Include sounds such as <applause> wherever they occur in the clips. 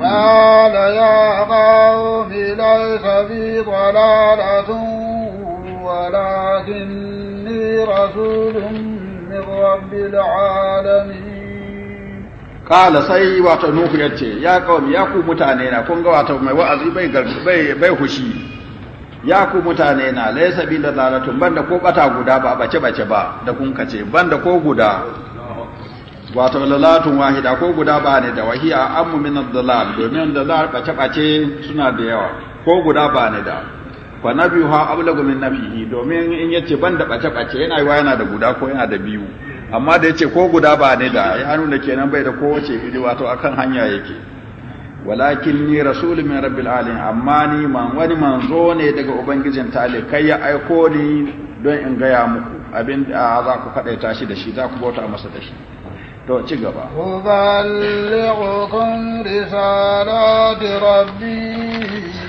قال يا قوم ليس بي ضلالة ولكني رسول من رب العالمين Kala sai wato Nuhu ya ce ya kawai ya ku mutane na kun ga wato mai wa'azi bai bai hushi ya ku mutane na laysa bi dalalatun banda ko bata guda ba bace bace ba da kun kace banda ko guda wato lalatun wahida ko guda ba ne da wahiya ammu min dalal domin dalal bace bace suna da yawa ko guda ba ne da fa nabiyuha ablagu min nafihi domin in yace ban da bace bace yana yiwa yana da guda ko yana da biyu amma da yace ko guda ba ne da ya nuna kenan bai da kowace iri wato akan hanya yake walakin ni rasulun min rabbil alamin amma ni man wani manzo ne daga ubangijin kai ya aiko ni don in gaya muku abin da za ku kadaita shi da shi za ku bauta masa da shi to ci gaba uballighukum risalati rabbi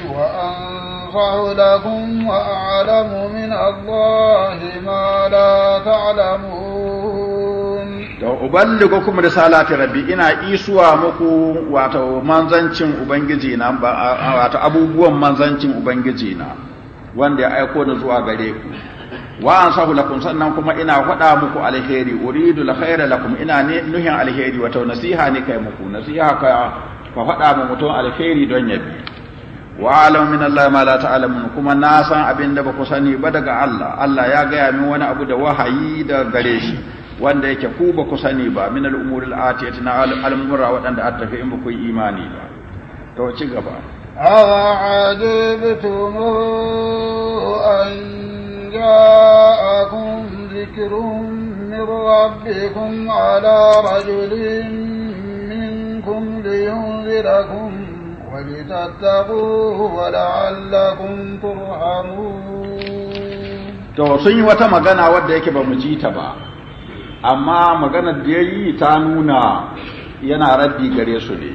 wa anfa'u lakum wa a'lamu min Allahi ma la ta'lamun to uballighukum rabbi ina isuwa muku wato manzancin ubangiji na wato abubuwan manzancin ubangiji na wanda ya aiko ni zuwa gare ku wa ansahu lakum sannan kuma ina faɗa muku alheri uridu alkhaira lakum ina nuhin alheri wato nasiha ne kai muku nasiha ka ka faɗa mu mutum alheri don bi wa alam min Allah ma la ta'lamun kuma na san abin da ba ku sani ba daga Allah Allah ya gaya min wani abu da wahayi da gare shi wanda yake ku ba ku sani ba min al-umuri al-atiyati na al-umura waɗanda an tafi in ba ku yi imani ba to ci gaba أَوَعَجِبْتُمُ أَنْ جاءكم ذكر من ربكم على رجل منكم لينذركم ولتتقوه ولعلكم ترحمون to sun yi wata magana wadda yake ba mu ji ta ba amma maganar da yayi ta nuna yana raddi gare su ne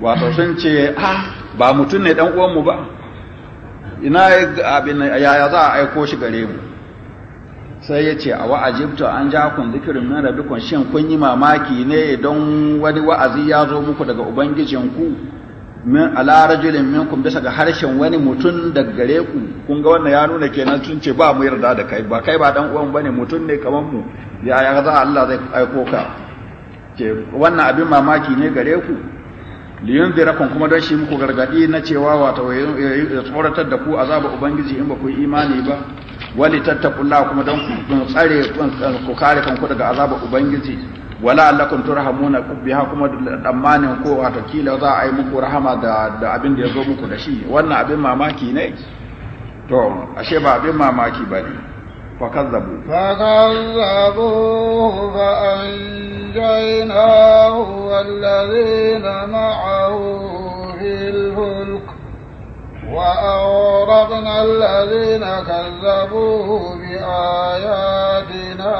wato sun ce ah ba mutum ne dan uwan mu ba ina abin yaya za a aiko shi gare mu sai ya ce a wa'ajibta an ja kun zikirin min rabbikum shin kun yi mamaki ne don wani wa'azi ya zo muku daga ubangijinku min ala rajulin minkum bisa ga harshen wani mutum daga gare ku kun ga wannan ya nuna kenan tun ce ba mu yarda da kai ba kai ba dan uwan bane mutum ne kamar mu ya za Allah zai aiko ka ce wannan abin mamaki ne gare ku liyunzirakum kuma don shi muku gargadi na cewa wata ya tsoratar da ku azaba ubangiji in ba ku imani ba wali tattaqullah kuma don kun tsare ku kare kanku daga azaba ubangiji wala allakum turhamuna biha kuma tsammanin ko a kila za a yi muku rahama da da abin da ya zo muku da shi wannan abin mamaki ne to ashe ba abin mamaki bane فكذبوا فكذبوه فأنجيناه والذين معه في الفلك وأورقنا الذين كذبوه بآياتنا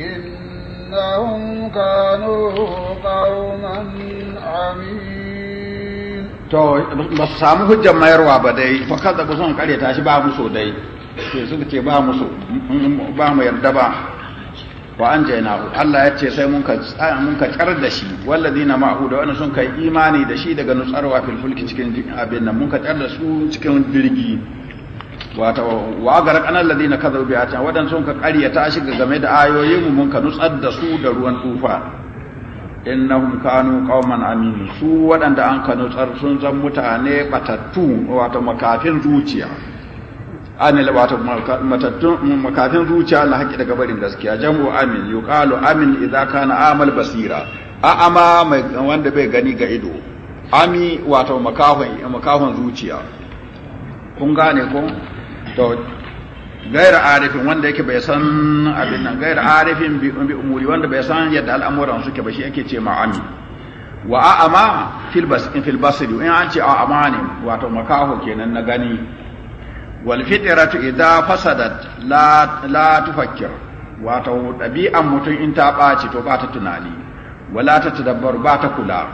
إنهم كانوا قوما عميدا to ba su samu hujjar mayarwa ba dai fa kada kusan son kare shi ba musu dai ke suka ce ba musu ba mu yarda ba wa an jaina Allah ya ce sai mun ka mun ka da shi walladina ma'u da wannan sun kai imani da shi daga nutsarwa fil fulki cikin abin nan mun ka tsar da su cikin jirgi wato wa garak anan ladina kadau bi ta, wadan sun ka ta shi game da ayoyin mun ka nutsar da su da ruwan tufa innahum kanu qauman amin su waɗanda an kanu tsar sun zan mutane batattu wato makafin zuciya anil wato matattu makafin zuciya Allah haƙi daga barin gaskiya jamu amin yuqalu amin idza kana amal basira a ama wanda bai gani ga ido ami wato makafin makafin zuciya kun gane ko to gaira arifin wanda yake bai san abin nan gaira arifin bi umuri wanda bai san yadda al'amuran suke ba shi yake ce ma'ami wa a'ama fil bas in fil in an ce a'ama ne wato makaho kenan na gani wal fitratu idza fasadat la la tufakkir wato dabi'an mutum in ta ɓaci to ba ta tunani wala ta tadabbar ba ta kula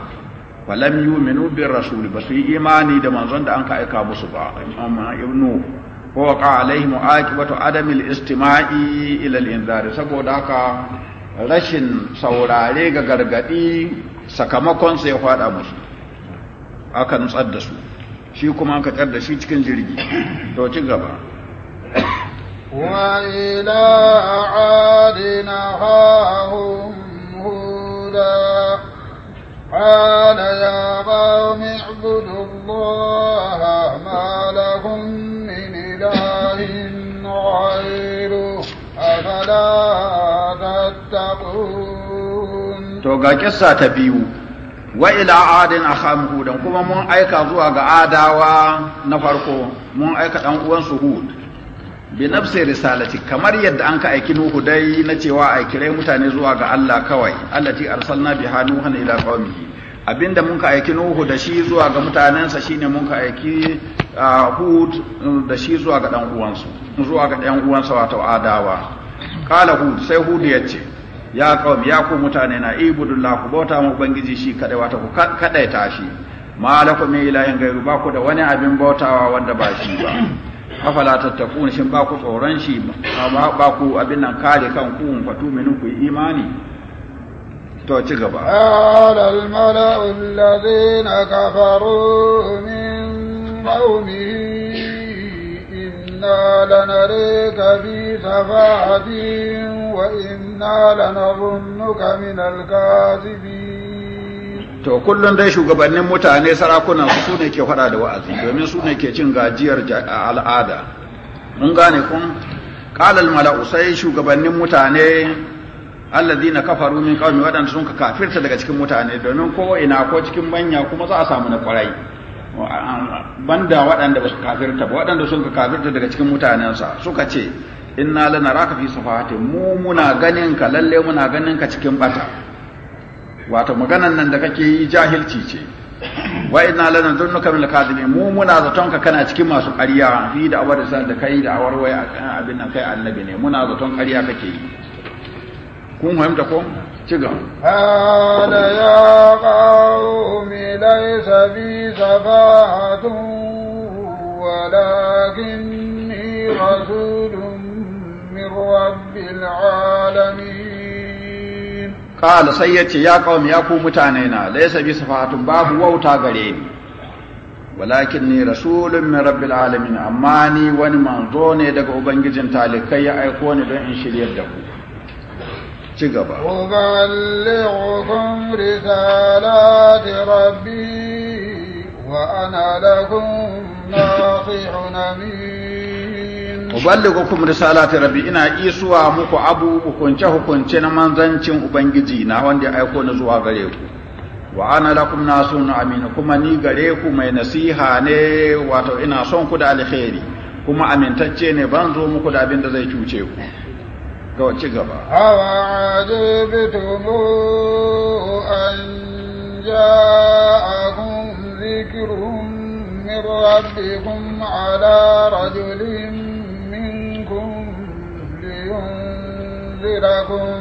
falam yu'minu bir rasul basu yi imani da manzon da an ka aika musu ba amma ibnu wa alaihi wato adamil istima'i Ilal inzari saboda haka rashin saurare ga gargadi sakamakon sai faɗa musu aka nutsar da su shi kuma aka tsar da shi cikin jirgi to ci gaba wa ila adina hahum huda qala ya qaumi ibudullaha ma lahum To ga kissa ta biyu, wa ila adin akham hudan kuma mun aika zuwa ga adawa na farko mun aika dan uwansu hud bi nafsi risalati kamar yadda an ka aiki nuhu dai na cewa a kirai mutane zuwa ga Allah kawai allati arsalna biha nuhan ila qaumihi abinda mun ka aiki nuhu da shi zuwa ga mutanensa shine mun ka aiki ah, hud da shi zuwa ga dan uwansu zuwa ga dan uwansa wato adawa kala hud sai hud ya ce ya qawm ya ku mutane na ibudun ku bauta mu ubangiji shi kada wata ku ta shi malakum mai ilayen gairu ba ku da wani abin bautawa wanda ba shi ba <laughs> afala tattaqun shin ba ku tsoron shi ba ku abin nan kare kan ku fatu minin ku imani to ci gaba قال الملأ ladina kafaru min qaumihim إنا لنريك في سفاهة وإنا لنظنك من الكاذبين to kullum dai shugabannin mutane sarakunan su ne ke fada da wa'azi domin su ne ke cin gajiyar al'ada mun gane kun qalal mala'u sai shugabannin mutane alladhina kafaru min qawmi wadanda sun ka kafirta daga cikin mutane domin ko ina ko cikin manya kuma za a samu na kwarai banda waɗanda ba su kafirta ba waɗanda sun ka kafirta daga cikin mutanensa suka ce inna lana raka fi safahati mu muna ganin ka lalle muna ganin ka cikin bata wato maganan nan da kake yi jahilci ce wa inna lana dhunnuka min al mu muna zaton ka kana cikin masu ƙarya fi da awar da kai da awar waya abin nan kai annabi ne muna zaton ƙarya kake yi kun fahimta ko ci gaba qala ya qaumi laysa bi safahatun walakinni rasulun min alamin sai ya qaumi ya ku mutane na laysa bi safahatun babu wauta gare ni walakin ni rasulun min rabbil alamin amma ni wani manzo ne daga ubangijin talikai ya aiko ni don in shiryar da ku ci gaba uballighukum risalati risalati rabbi ina isuwa muku abu hukunce hukunce na manzancin ubangiji na wanda ya aiko na zuwa gare ku wa ana lakum nasun amin kuma ni gare ku mai nasiha ne wato ina son ku da alkhairi kuma amintacce ne ban zo muku da abin da zai cuce ku ga ci gaba awa ajibtum an ja'akum dhikrun min rabbikum ala rajulin minkum لينذركم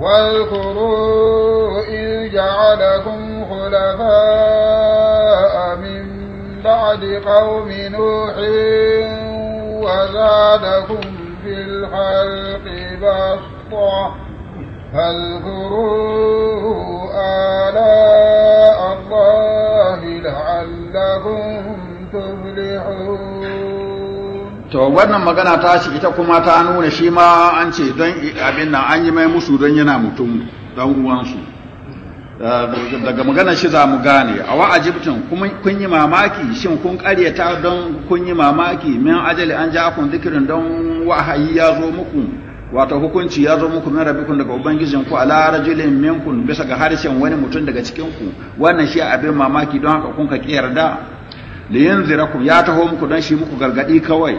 واذكروا إذ جعلكم خلفاء من بعد قوم نوح وزادكم في الخلق بسطة فاذكروا آلاء الله لعلكم تفلحون to wannan magana ta shi ita kuma ta nuna shi ma an ce don abin nan an yi mai musu don yana mutum don uwansu daga magana shi za mu gane a wa'ajibtin kuma kun yi mamaki shin kun karyata don kun yi mamaki min ajali an kun zikirin don wahayi ya zo muku wato hukunci ya zo muku min rabikun daga ubangijin ku ala rajulin kun bisa ga harshen wani mutum daga cikin ku wannan shi abin mamaki don haka kun ka kiyarda li yanzirakum ya taho muku don shi muku gargadi kawai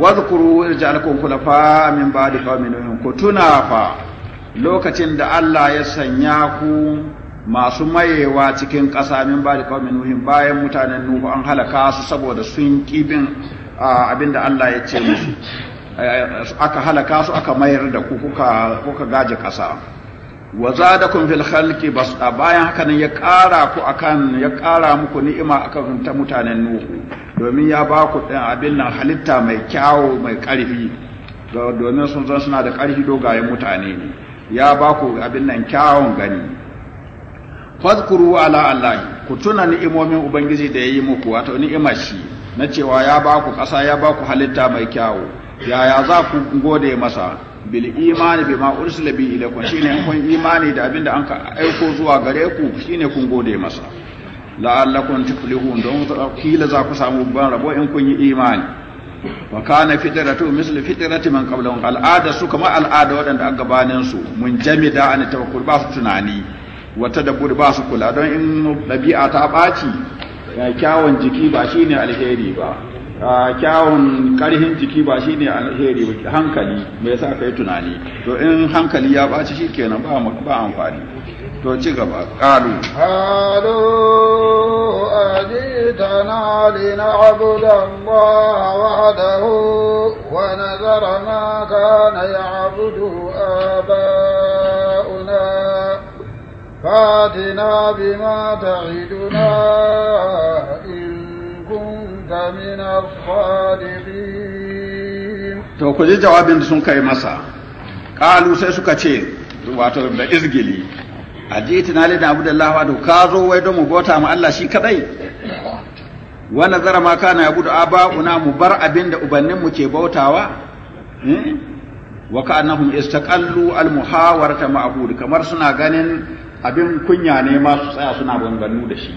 wadhkuru ja'alakum khulafa min ba'di qaumin ku tuna fa lokacin da Allah ya sanya ku masu mayewa cikin ƙasa min ba da kawai nuhin bayan mutanen nuhu an halaka su saboda sun ƙibin abin da Allah ya ce musu eh, aka halaka su aka mayar da ku kuka gaji ƙasa wa za da zadakum fil ba su bayan haka nan ya ƙara ku akan ya ƙara muku ni'ima kan ta mutanen nuhu domin ya ba ku ɗin abin nan halitta mai kyawu mai ƙarfi domin sun zan suna da ƙarfi dogayen mutane ne ya ba ku abin nan kyawun gani fadkuru ala Allah ku tuna ni'imomin ubangiji da yayi muku wato ni'imar shi na cewa ya ba ku ƙasa ya ba ku halitta mai kyawu yaya za ku gode masa bil imani bima ursila bi ilaikum shine in kun imani da abin da an ka aiko zuwa gare ku shine kun gode masa la'allakum tuflihun don kila za ku samu ban rabo in kun yi imani wa kana fitratu misli fitrati man qablahum al'ada su kama al'ada wadanda an gabanin su mun jamida an tawakkul ba su tunani wa tadabbur ba su kula don in dabi'a ta baci kyawun jiki ba shine alheri ba kyawun karhin jiki ba shine alheri ba hankali me yasa kai tunani to in hankali ya baci shikenan ba ba amfani to ci gaba qalu qalu ajitana lina'budu allaha wahdahu wa nadhara ma kana ya'budu aba'una فاتنا بما تعدنا إن كنت من الصادقين to ku jawabin da sun kai masa qalu sai suka ce wato da izgili ajiyati na da abdullahi wadu ka zo wai don mu bauta mu Allah shi kadai wa nazara ma kana aba una mu bar abin da ubannin mu ke bautawa hmm? wa annahum istaqallu al muhawarata ma'bud kamar suna ganin abin kunya ne ma su tsaya suna banganu da shi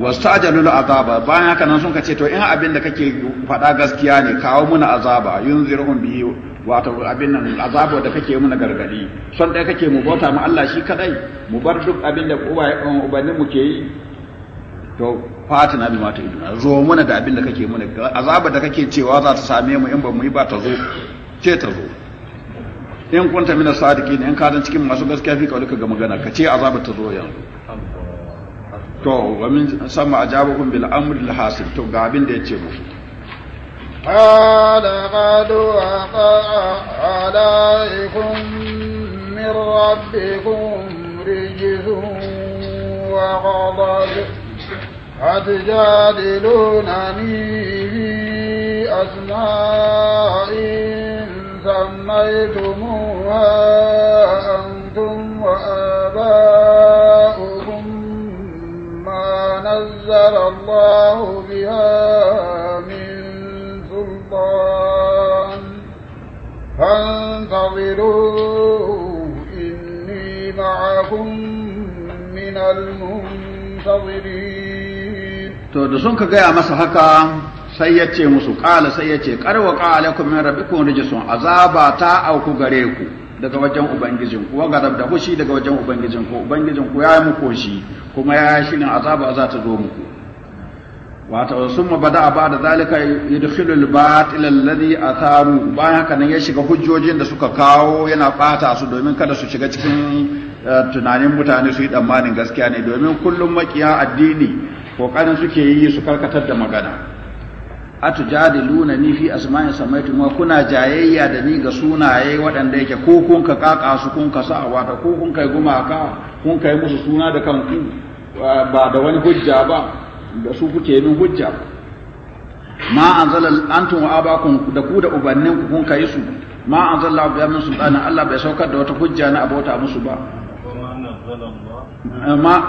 wastajalul azaba bayan haka nan sun kace to in abin da kake faɗa gaskiya ne kawo muna azaba yunzirhum bihi wato abin nan azaba da kake muna gargadi son dai kake mu bauta mu Allah shi kadai mu bar duk abin da um, ubanni mu ke yi to na bi mata iduna zo muna da abin da kake muna azaba da kake cewa za ta same mu in ba mu yi ba ta zo ce ta zo in kunta mina sadiqin in ka cikin masu gaskiya fi kaulika ga magana ka ce azaba ta zo yanzu to wa min sama bil amri al hasib to ga abin da yace musu hada qad waqa alaikum min rabbikum rijzun wa ghadab أتجادلونني في أسماء نزل الله بها من سلطان فانتظروا إني معكم من المنتظرين to da sun ka gaya masa haka sai ya ce musu ƙala sai ya ce ƙarwa ƙala kuma rabbi kun rijisun azaba ta auku gare ku daga wajen ubangijin ku wa gadab ku hushi daga wajen ubangijin ku ubangijin ku ya yi muku shi kuma ya yi shirin azaba za ta zo muku wato sun bada ba da zalika yudkhilu al-batil alladhi atharu bayan haka nan ya shiga hujjojin da suka kawo yana fata su domin kada su shiga cikin eh, tunanin mutane su yi tsammanin gaskiya ne domin kullum makiya addini kokarin suke yi su karkatar da magana atujadiluna ni fi asma'i samaitum ma kuna jayayya da ni ga sunaye waɗanda yake ko kun ka kaka su kun ka sa wata ko kun kai gumaka kun kai musu suna da kanku ba da wani hujja ba da su kuke min hujja ma anzala antum wa abakum da ku da ubannin ku kun kai su ma anzala bi min sultana Allah bai saukar da wata hujja na abota musu ba ma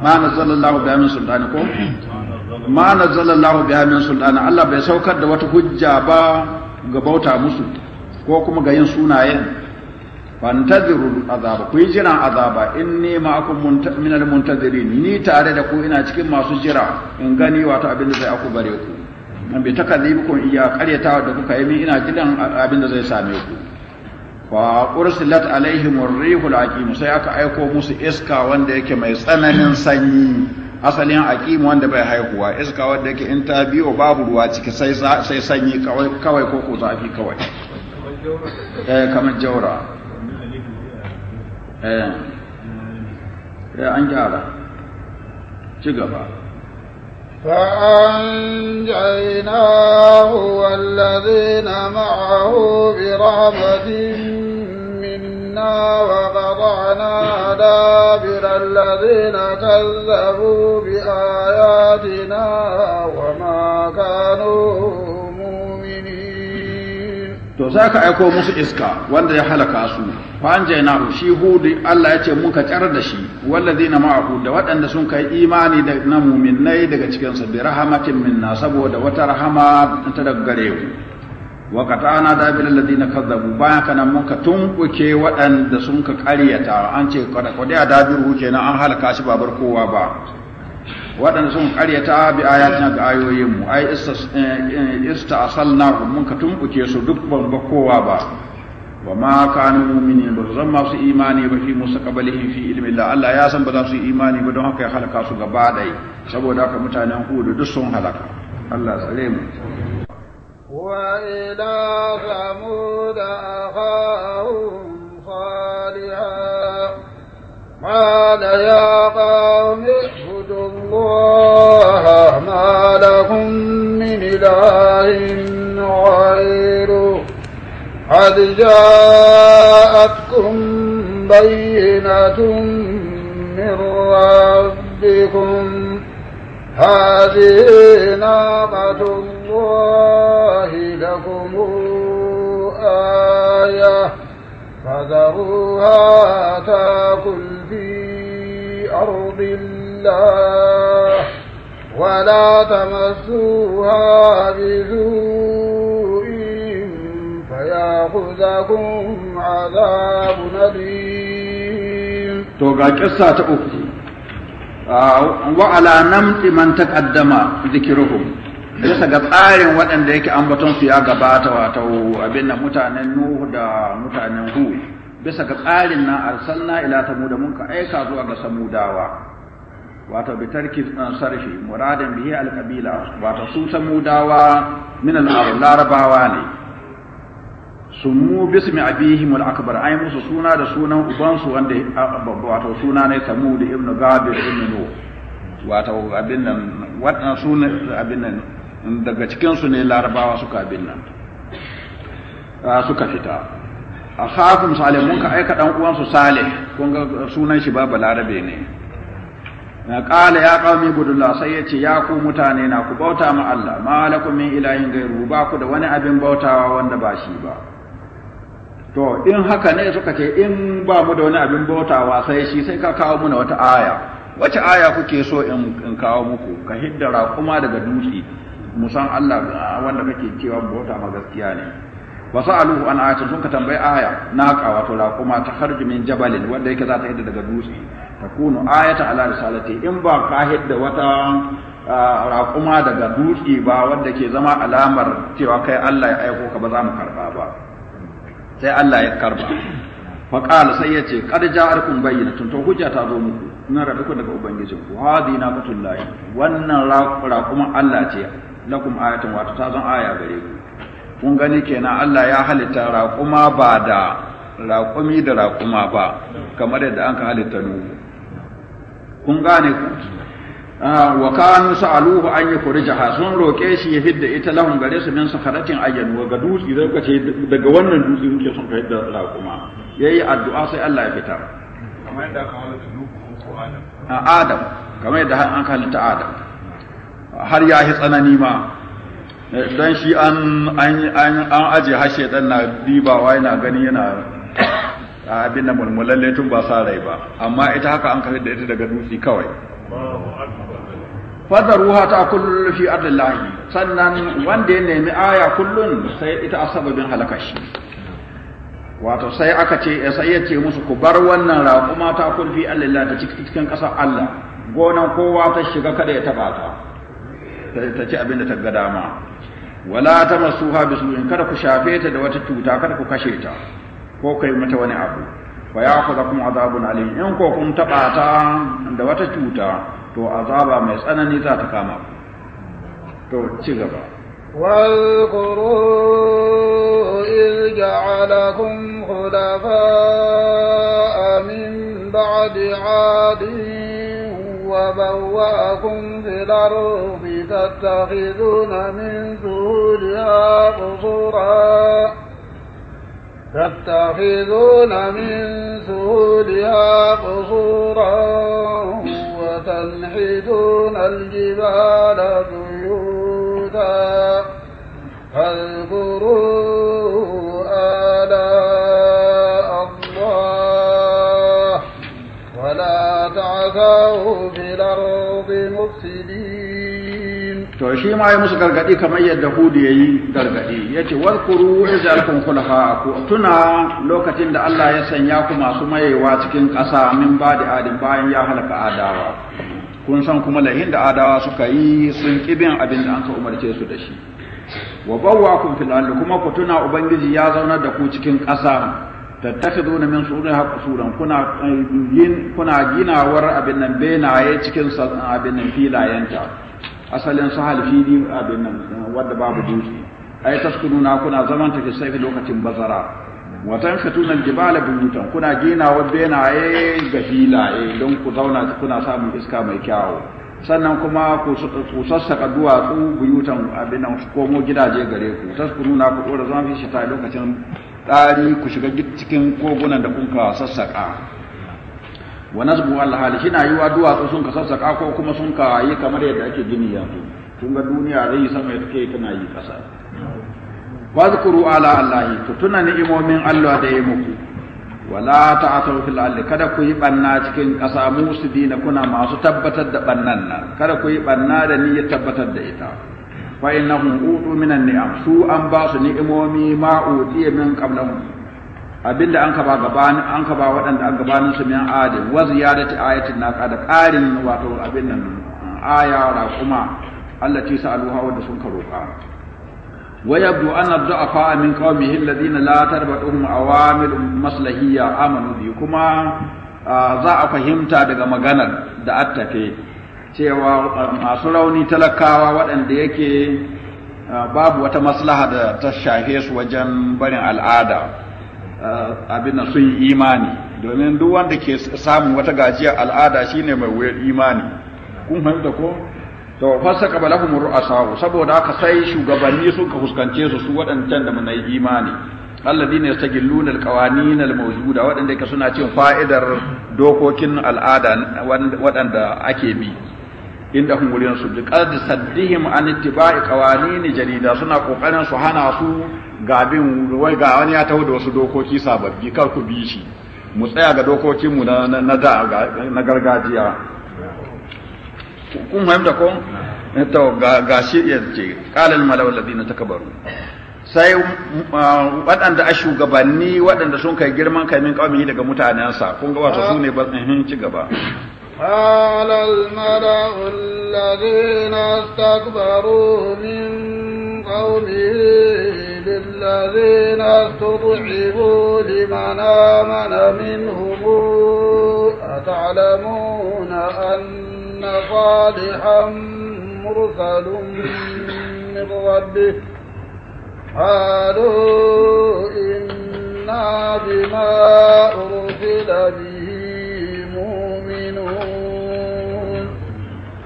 ma nazala Allah bi min sultana ko ma nazzala Allah biha min sultana Allah bai saukar da wata hujja ba ga bauta musu ko kuma ga yin sunayen fantaziru azaba ku yi jiran azaba inni ma'akum min almuntazirin ni tare da ku ina cikin masu jira in gani wato abin da zai aku bare ku man bi takadibukum iya qaryatawa da kuka yi min ina jiran abin da zai same ku wa ursilat alaihim ar-rihul aqim sai aka aiko musu iska wanda yake mai tsananin sanyi asalin aqim wanda bai haihuwa iska wanda yake in ta biyo babu ruwa ciki sai sai sanyi kawai kawai ko ko zafi kawai eh kamar jaura eh ya eh, an gyara ci gaba فأنجيناه والذين معه برحمة أهلكنا وقطعنا دابر الذين كذبوا بآياتنا وما كانوا مؤمنين to za ka aiko musu iska wanda ya halaka su fa'anjainahu shi hudu Allah ya ce mun ka tsar da shi wallazina ma'ahu da waɗanda sun kai imani da na muminai daga cikin su rahmatin minna saboda wata rahama ta daggare gare wa qata'na dabil ladina kazzabu bayan kana mun ka tunkuke waɗanda sun ka ƙaryata an ce kada kada ya dabiru kenan an halaka shi babar kowa ba waɗanda sun ƙaryata bi ayatina ga ayoyin mu ai ista eh, asalna mun ka tunkuke su duk ban ba kowa ba wa ma kanu mu'minin ba zan masu imani ba fi musa qablihim fi ilmi Allah Allah ya san ba za su yi imani ba don haka ya halaka su gaba ɗaya saboda haka mutanen hudu duk sun halaka Allah tsare mu وإلى ثمود أخاهم صالحا قال يا قوم اعبدوا الله ما لكم من إله غيره قد جاءتكم بينة من ربكم هذه ناقة الله لكم آية فذروها تاكل في أرض الله ولا تمسوها بسوء فياخذكم عذاب أليم توقع قصة أختي وعلى نمت من تقدم ذكرهم bisa ga tsarin waɗanda yake ambaton su ya gabata wato abin da mutanen Nuhu da mutanen Hu bisa ga tsarin na arsalna ila tamuda mun ka aika zuwa ga samudawa wato bi tarki uh, sarfi muradan bihi al qabila wato su samudawa min al arabawa larabawa ne mu bismi abihim al akbar ai musu suna da sunan ubansu wanda uh, wato suna ne samud ibn gabir ibn nuh wato abin nan waɗannan sunan abin nan daga cikinsu ne larabawa suka bin nan suka fita a hafin salim mun ka aika ɗan uwansu salih kun ga sunan shi babu larabe ne na kala ya ƙaumi gudulla sai ya ce ya ku mutane na ku bauta ma Allah ma lakum min ilahin gairu ba ku da wani abin bautawa wanda ba shi ba to in haka ne suka ce in ba mu da wani abin bautawa sai shi sai ka kawo muna wata aya wace aya kuke so in kawo muku ka hiddara kuma daga dutse musan Allah wanda kake cewa bauta ma gaskiya ne wa sa'aluhu an ayatu sun ka tambayi aya na ka wato la kuma ta kharju min jabalin wanda yake za ta hidda daga dutse takunu ayatan ala risalati in ba ka hidda wata raƙuma daga dutse ba wanda ke zama alamar cewa kai Allah ya aiko ka ba za mu karba ba sai Allah ya karba fa qala sai yace qad ja'arkum bayyinatun to hujja ta zo muku na rabu daga ubangijinku hadina batullahi wannan raƙuma Allah ce lakum ayatun wato ta zan aya gare ku kun gani kenan Allah ya halitta raƙuma ba da raƙumi da raƙuma ba kamar yadda an ka halitta nuhu kun gane ku ah, wa kanu sa'aluhu an yukhrijaha sun roke shi ya fidda ita lahum gare su min sakaratin ayyan wa ga dutsi da kace daga wannan dutsi muke son ka yadda raƙuma yayi addu'a sai Allah ya fitar kamar yadda aka halitta nuhu ko adam ah, adam kamar yadda an halitta adam har ya yi tsanani ma don shi an aje hashe ɗan na dibawa yana gani yana abin da mulmulalle tun ba sa rai ba amma ita haka an kafin da ita daga dutse kawai ruha ta kullu fi ardillahi sannan wanda ya nemi aya kullun sai ita asababin halakashi wato sai aka ce sai ya ce musu ku bar wannan raƙuma ta kullu fi ardillahi ta cikin ƙasar Allah gonan kowa ta shiga kada ya tabata. ta ci abin da ta ga dama wala ta masuha in kada ku shafe ta da wata cuta kada ku kashe ta ko kai mata wani abu fa zakum azabun alim in ko kun taba ta da wata cuta to azaba mai tsanani za ta kama to ci gaba واذكروا إذ جعلكم خلفاء من بعد عادين وبوأكم في الأرض تتخذون من دونها قصورا تتخذون من سهولها قصورا وتنحتون الجبال بيوتا فاذكروا وأتوا بالأرض مفسدين to shi ma ya musu gargadi kamar yadda Hudu ya yi gargadi ya ce warkuru izalkum khulafa ku tuna lokacin da Allah ya sanya ku masu mayewa cikin ƙasa min ba da adin bayan ya halaka adawa kun san kuma lahin da adawa suka yi sun kibin abin da an ka umarce su da shi wa kun fil kuma ku tuna ubangiji ya zauna da ku cikin ƙasa tattakiduna min suduriha qusuran kuna eh, yin kuna ginawar abin nan benaye cikin abin nan filayenta asalin su halfili abin nan wanda babu dutse ai taskununa kuna zaman take sai lokacin bazara wa tanfatuna aljibala buyutan kuna ginawar benaye ga filaye don ku zauna kuna samun iska mai kyawu sannan kuma ku sassaka duwatsu buyutan abin nan mu gidaje gare ku taskununa ku dora zaman fi shi ta lokacin tsari ku shiga cikin kogunan da kun ka sassaka wa nazbu wal hal wa yiwa duwatsu sun ka sassaka ko kuma sun ka yi kamar yadda ake gini ya yanzu kun ga duniya zai sama take tana yi kasa zkuru ala allahi ku tuna ni'imomin Allah da ya muku wala ta'thaw fil al kada ku yi banna cikin ƙasa dina kuna masu tabbatar da bannan nan kada ku yi banna da niyyar tabbatar da ita fa innahum utu minan ni'am su an ba su ni'imomi ma utiya min qablahum abinda an ka an ka waɗanda an gabanin su min adin wa ziyadati ayatin naqa da ƙarin wato abin nan aya raquma da sun ka roƙa ويبدو أن الضعفاء من قومه الذين لا تربطهم عوامل مصلحية آمنوا biyu? Kuma za a fahimta daga maganar da attafe cewa uh, masu rauni talakawa waɗanda yake uh, babu wata maslaha da ta shafe su wajen barin al'ada uh, abin da sun yi imani domin duk wanda ke samun wata gajiyar al'ada shine mai wuyar imani kun fahimta ko to fasaka a ru'asa saboda aka sai shugabanni suka fuskance su su waɗancan da mun yi imani alladina na alqawanin da waɗanda ka suna cin fa'idar dokokin al'ada waɗanda ake bi inda hun wurin su bi qad saddihim an ittiba'i qawanin jarida suna kokarin su hana su ga wai ga wani ya tawo da wasu dokoki sababbi kar ku bi shi mu tsaya ga dokokin mu na na gargajiya kun fahimta ko to ga ga shi yace qala al malaw alladhina takabaru sai uh, waɗanda a shugabanni waɗanda sun kai girman kai min kawai daga mutanensa kun ga wato su ne ba eh, ci gaba قال الملأ الذين استكبروا من قومه للذين استضعفوا لمن آمن منهم أتعلمون أن صالحا مرسل من ربه قالوا إنا بما أرسل به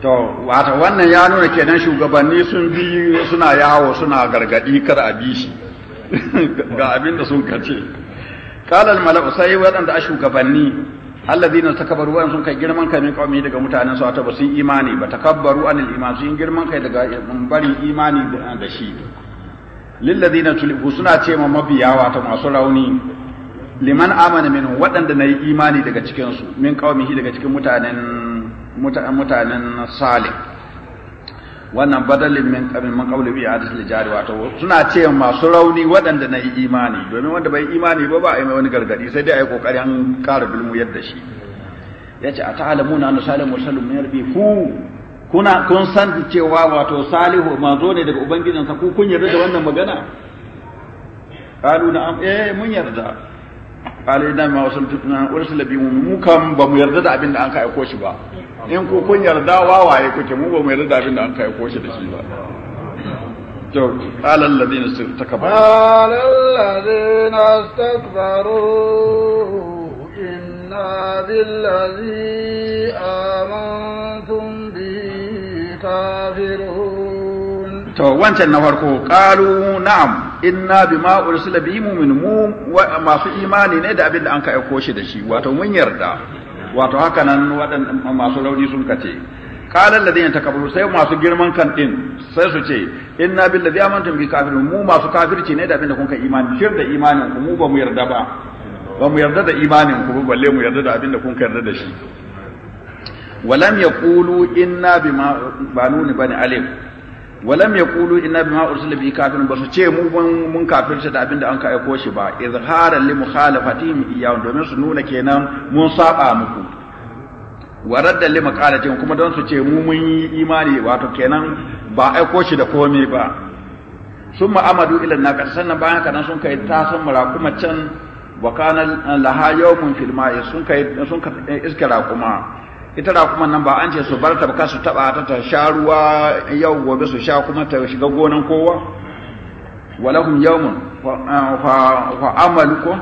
to wata wannan ya nuna kenan shugabanni sun bi suna yawo suna gargadi kar a bi shi <laughs> ga abin da sun kace qala al mala'u sai wadanda a shugabanni ta takabbaru wa sun kai girman kai min qaumi daga mutanen su ta ba sun imani ba takabbaru anil iman sun girman kai daga bari imani da shi lil ladina tulifu suna ce ma mabiya wata masu rauni liman amana min waɗanda na yi imani daga cikinsu min ƙaumihi daga cikin mutanen mutanen Salim wannan badalin min qabl min qabl bi adil jari wato suna ce masu rauni waɗanda na yi imani domin wanda bai imani ba ba a yi mai wani gargadi sai dai a yi an kara bilmu yadda shi yace ata'lamuna anna salim mursalun min rabbiku kuna kun san cewa wato salihu manzo ne daga ubangijinsa ku kun yarda da wannan magana qalu na eh mun yarda qala da ma wasaltuna ursila bi mu kam ba mu yarda da abin da an ka aiko shi ba in ku kun yarda wawaye kuke mu ba mu yarda da abin da an ka aiko shi da shi ba to alal ladina istakbaru alal ladina istakbaru inna billadhi amantum bi kafirun to wancan na farko ƙalu na'am inna bima ursila bi mu'min mu masu imani ne da abin da an ka aiko shi da shi wato mun yarda wato haka nan waɗannan masu rauni sun kace qala alladhina takabbaru sai masu girman kan din sai su ce inna billazi amantum bi kafirun mu masu kafirci ne da abin da kun ka imani shir da imanin ku mu ba mu yarda ba ba mu yarda da imanin ku balle mu yarda da abin da kun ka yarda da shi walam yaqulu inna bima banuni bani alif walam yaqulu inna bima ursila bi ba basu ce mun mun abin da abinda an ka aiko shi ba izharan li mukhalafatihim iyyahu domin su nuna kenan mun saba muku wa radda li maqalatin kuma don su ce mu mun yi imani wato kenan ba aiko shi da komai ba summa amadu ila naqas sannan bayan kana sun kai ta san kuma can wa kana laha yawmun fil ma'i sun kai sun iskara kuma ita kuma nan ba an ce su bar ta ba su taba ta ta sha ruwa yau gobe su sha kuma ta shiga gonan kowa walahum yawmun fa ah, amalukum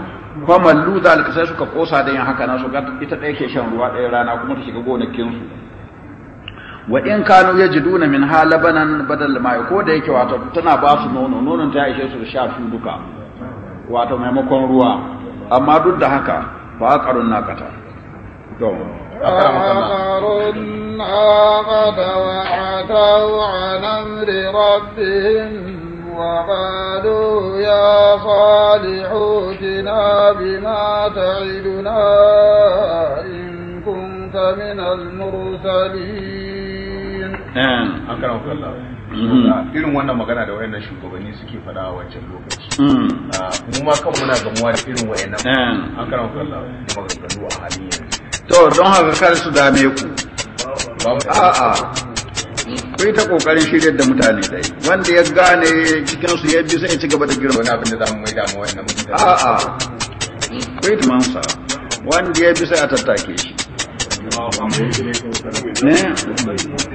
fa mallu zalika sai suka kosa da yin haka na su ita ɗaya ke shan ruwa ɗaya rana kuma ta shiga gonakin su wa in kanu yajiduna min halabanan badal ma ko da yake wato tana ba su nono nonon ta ishe su sha su duka wato maimakon ruwa amma duk da haka fa aqarun naqata to نار عقد وعتوا عن أمر ربهم وقالوا يا صالح ائتنا بما تعدنا إن كنت من المرسلين نعم أكرمك الله irin wannan magana da wayannan shugabanni suke fada a wancan lokaci mu ma kan muna gamuwa da irin wayannan an karanta maganganu a halin yanzu to don haka kar su dame ku a'a ku ta kokarin shiryar da mutane dai wanda ya gane cikin su ya bi sai ya ci gaba da girma wani abin da mu mai damu wannan mutane a'a ku ta mansa wanda ya bi sai a tattake shi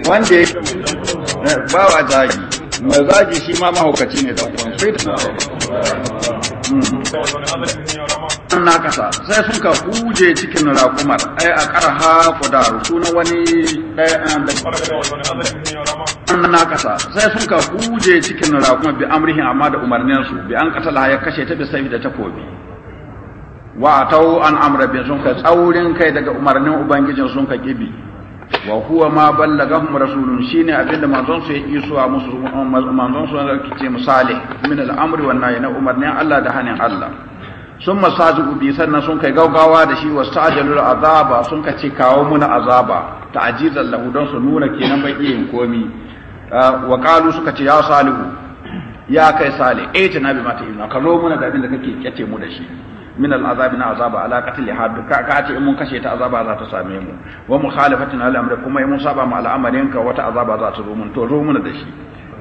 wanda ya ba wa zagi mai zagi shi ma mahaukaci ne da uwan sai ta hmm. an nakasa sai sun ka huje cikin raƙumar ai a ƙarha kudaru sunan wani an eh, nakasa sai sun ka huje cikin raƙumar bi amrihin amma da umarninsu bi an katala ya kashe ta bi sai da takobi wa atau an amrabin sun ka tsaurin kai daga umarnin ubangijin sun ka kibi wa huwa ma ballagahum rasulun shine abinda manzon su ya iso a musu manzon su ya ce misali min al-amri wan nahy na umarnin Allah da hanin Allah sun masaji ubi sannan sun kai gaugawa da shi wasu ajalul azaba sun ka ce kawo muna azaba ta ajizar lahu don su nuna kenan bai iya yin komi ah, wa kalu suka ce ya salihu ya kai sale eh ta nabi mata yi ka zo muna da abin da kake kyace mu da shi min al azabi na azaba ala qatl had ka ka ce in mun kashe ta azaba za ta same mu wa mukhalafatin al amr kuma in mun saba ma al'amarin ka wata azaba za ta zo mun to zo muna da shi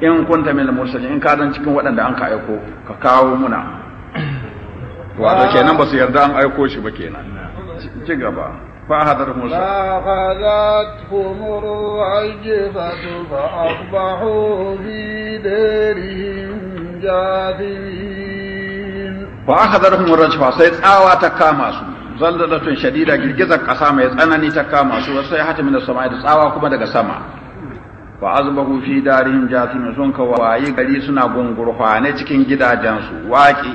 in kunta min al mursalin in ka zan cikin waɗanda an ka aiko ka kawo muna wato kenan ba su yarda an aiko shi ba kenan ci gaba fa hadar musa akhadathum ar-rajfatu fa asbahu fi darihim jathin fa akhadathum ar-rajfa sai tsawa ta kama su zalzalatun shadida girgizar kasa mai tsanani ta kama su sai hatta min as-sama'i da tsawa kuma daga sama fa azbahu fi darihim jatin sun ka waye gari suna ne cikin gidajensu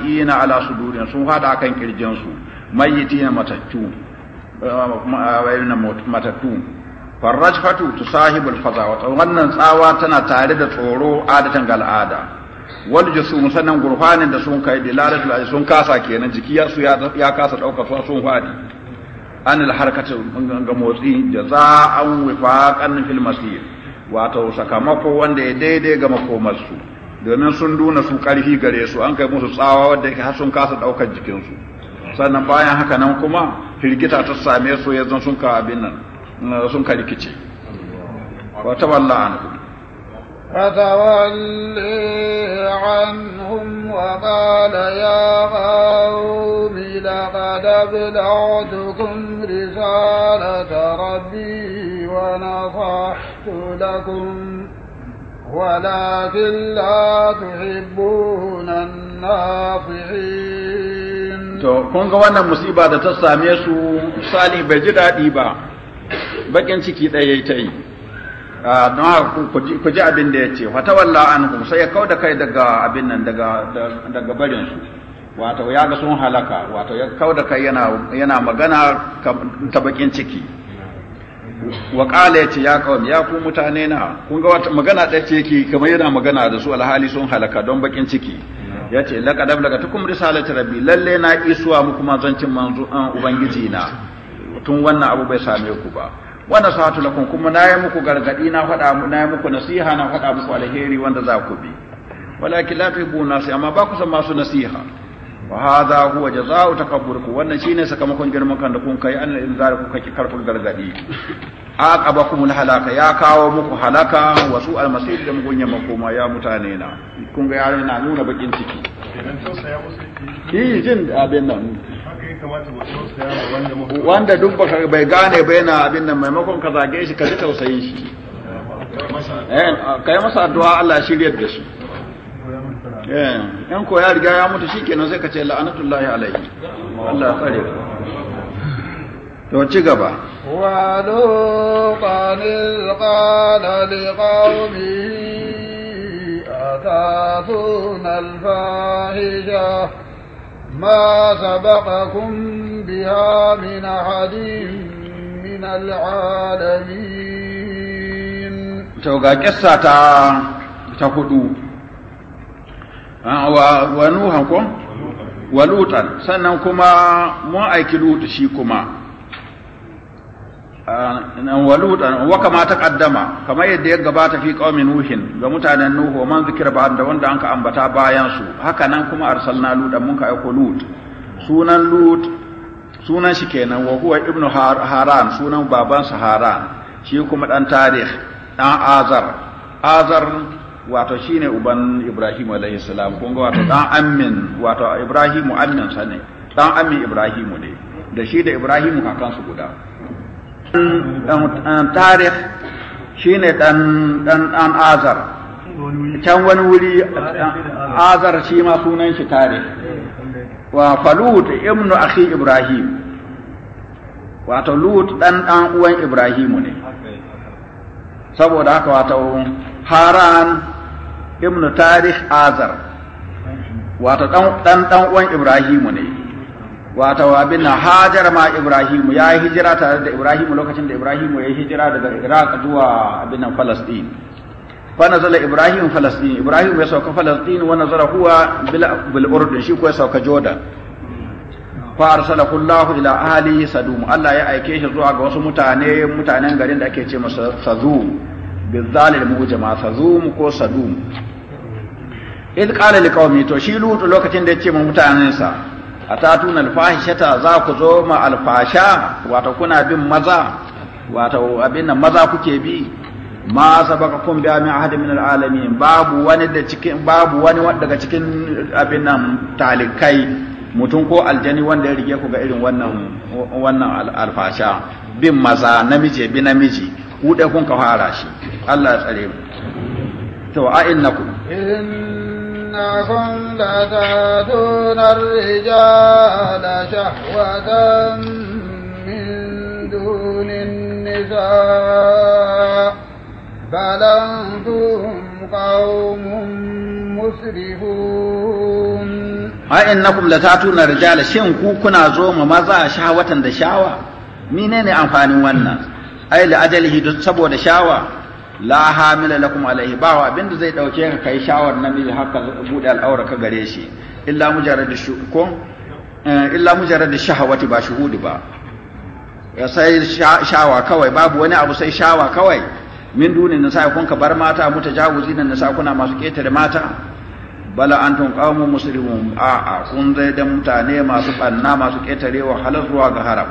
ina ala sudurin sun hada kan kirjinsu na matattu eh, eh, matattu farrajfatu tusahibul wa wannan tsawa tana tare da tsoro adatan al'ada wal jusum gurfanin da sun kai dilalatul sun kasa kenan jiki su ya kasa dauka sun fadi an harkatu ga motsi jaza'an wifaqan fil masir wato sakamako wanda ya daidai ga makomarsu domin sun duna su ƙarfi gare su an kai musu tsawa wadda yake har sun kasa ɗaukar jikinsu sannan bayan haka nan kuma firgita ta same su ya zan sun ka abin nan eh, sun ka rikice wa tawalla anhum فتولي عنهم وقال يا قوم لقد ابلغتكم رسالة ربي ونصحت لكم ولكن لا تحبون الناصحين to kun ga wannan musiba da ta same su sali bai ji daɗi ba bakin ciki ɗaya ta yi don haka ku ji abin da ya ce wata walla an sai ya kau da kai daga abin nan daga barinsu wato ya ga sun halaka wato ya kau da kai yana magana ta bakin ciki wa ya yace ya kawai ya ku mutane na kun wata magana ɗaya ce yake kamar yana magana da su alhali sun halaka don bakin ciki ya ce yace laqad ablagatukum risalati rabbi lalle na isuwa mu kuma manzancin manzo an ubangiji na tun wannan abu bai same ku ba wa nasatu lakum kuma na yi muku gargadi na faɗa na yi muku nasiha na faɗa muku alheri wanda za ku bi walakin bu nasi amma ba ku san masu nasiha fa hadha huwa jazaa'u takabburku wannan shine sakamakon girman kan da kun kai an inzar ku kai karfin gargadi aqabakum halaka ya kawo muku halaka wa su almasir da mugunya makoma ya mutane na kun ga yaro na nuna bakin ciki yi jin abin nan wanda duk baka bai gane ba yana abin nan maimakon ka zage shi ka ji tausayin shi eh kai masa addu'a Allah shiryar da shi Eh, in ko ya riga ya mutu shikenan sai ka ce la'anatullahi alaihi Allah kare to ci gaba wa luqan qala a atatun alfahisha ma sabaqakum biha min ahadin min alalamin to ga kissa ta ta hudu Ah, wa nuhan ko wa sannan kuma mun aiki lutu shi kuma ah, wa lutan wa kama ta kaddama kamar yadda ya gabata fi qaumin nuhin ga mutanen nuhu man zikira ba da wanda anka ambata bayan su haka nan kuma arsalna lutan mun ka aiko lut sunan lut sunan shi kenan wa huwa ibnu haran sunan babansa haran shi kuma dan tarih dan azar azar wato ne uban Ibrahim alaihi salam kun ga wato dan ammin wato Ibrahim ammin sa ne dan ammin Ibrahim ne da shi da Ibrahim kakan su guda dan tarikh ne dan dan dan Azar can wani wuri Azar shi ma sunan shi tarikh wa Falut ibnu akhi Ibrahim wato Lut dan dan uwan Ibrahim ne saboda haka wato haran ibnu tarih azar wato dan dan uwan ibrahimu ne wato abin hajar ma ibrahimu ya yi hijira tare da ibrahimu lokacin da ibrahimu ya yi hijira daga iraq zuwa abin falastin fa nazala ibrahim falastin ibrahim ya sauka falastin wa nazara huwa bil urdun shi ko ya sauka jordan fa arsalahu allah ila ahli sadum allah ya aike shi zuwa ga wasu mutane mutanen garin da ake ce masa sadum bizalil mujama sazum ko sadum id qala liqaumi to shi lutu lokacin da yace mu mutanen sa atatuna alfahishata za ku zo ma alfasha wato kuna bin maza wato abin nan maza kuke bi ma sabaqakum bi amin min alalamin babu wani da cikin babu wani daga cikin abin nan talikai mutum ko aljani wanda ya rige ku ga irin wannan wannan alfasha bin maza namiji bi namiji ku dai kun ka fara shi Allah ya tsare mu to a innakum innakum la ta'tuna ar-rijala shahwatan min dunin nisa bal antum qaumun musrifun a innakum la ta'tuna ar-rijala shin ku kuna zo ma maza shahwatan da shawa menene amfanin wannan ai la ajalihi saboda shawa la hamila lakum alaihi ba wa abinda zai dauke ka kai shawar namiji haka bude al'aura ka gare shi illa mujarrad ko eh, illa mujarrad shahawati ba shuhudi ba ya sai shawa kawai babu wani abu sai shawa kawai min duni sai kun ka bar mata mutajawuzi nan nisa kuna masu ketare mata bala antum qawmun muslimun a a kun zai da mutane masu banna masu ketarewa halal zuwa ga haram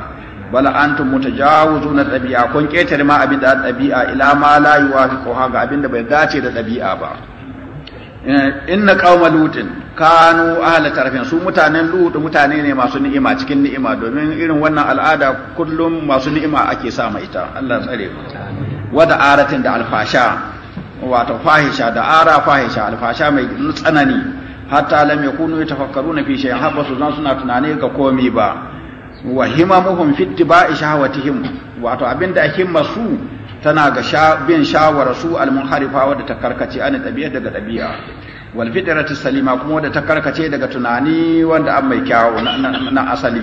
bala antum mutajawizuna dabi'a kun ketare ma abin da dabi'a ila ma la yuwafiqu ha ga abin da bai dace da dabi'a ba eh, inna qauma lutin kanu ahla tarfin su mutanen lut mutane ne masu ni'ima cikin ni'ima domin irin wannan al'ada kullum masu ni'ima ake sa mai ita Allah tsare mu da aratin da alfasha wato fahisha da ara fahisha alfasha mai tsanani hatta lam yakunu yatafakkaruna fi shay'in habasu su zan suna tunani ga komai ba wa himamuhum fi tiba'i shahawatihim wato abinda himma su tana ga bin shawar su al-munharifa wadda ta karkace ana ɗabi'a daga ɗabi'a wal fitratu salima kuma wadda ta karkace daga tunani wanda an mai kyawu na asali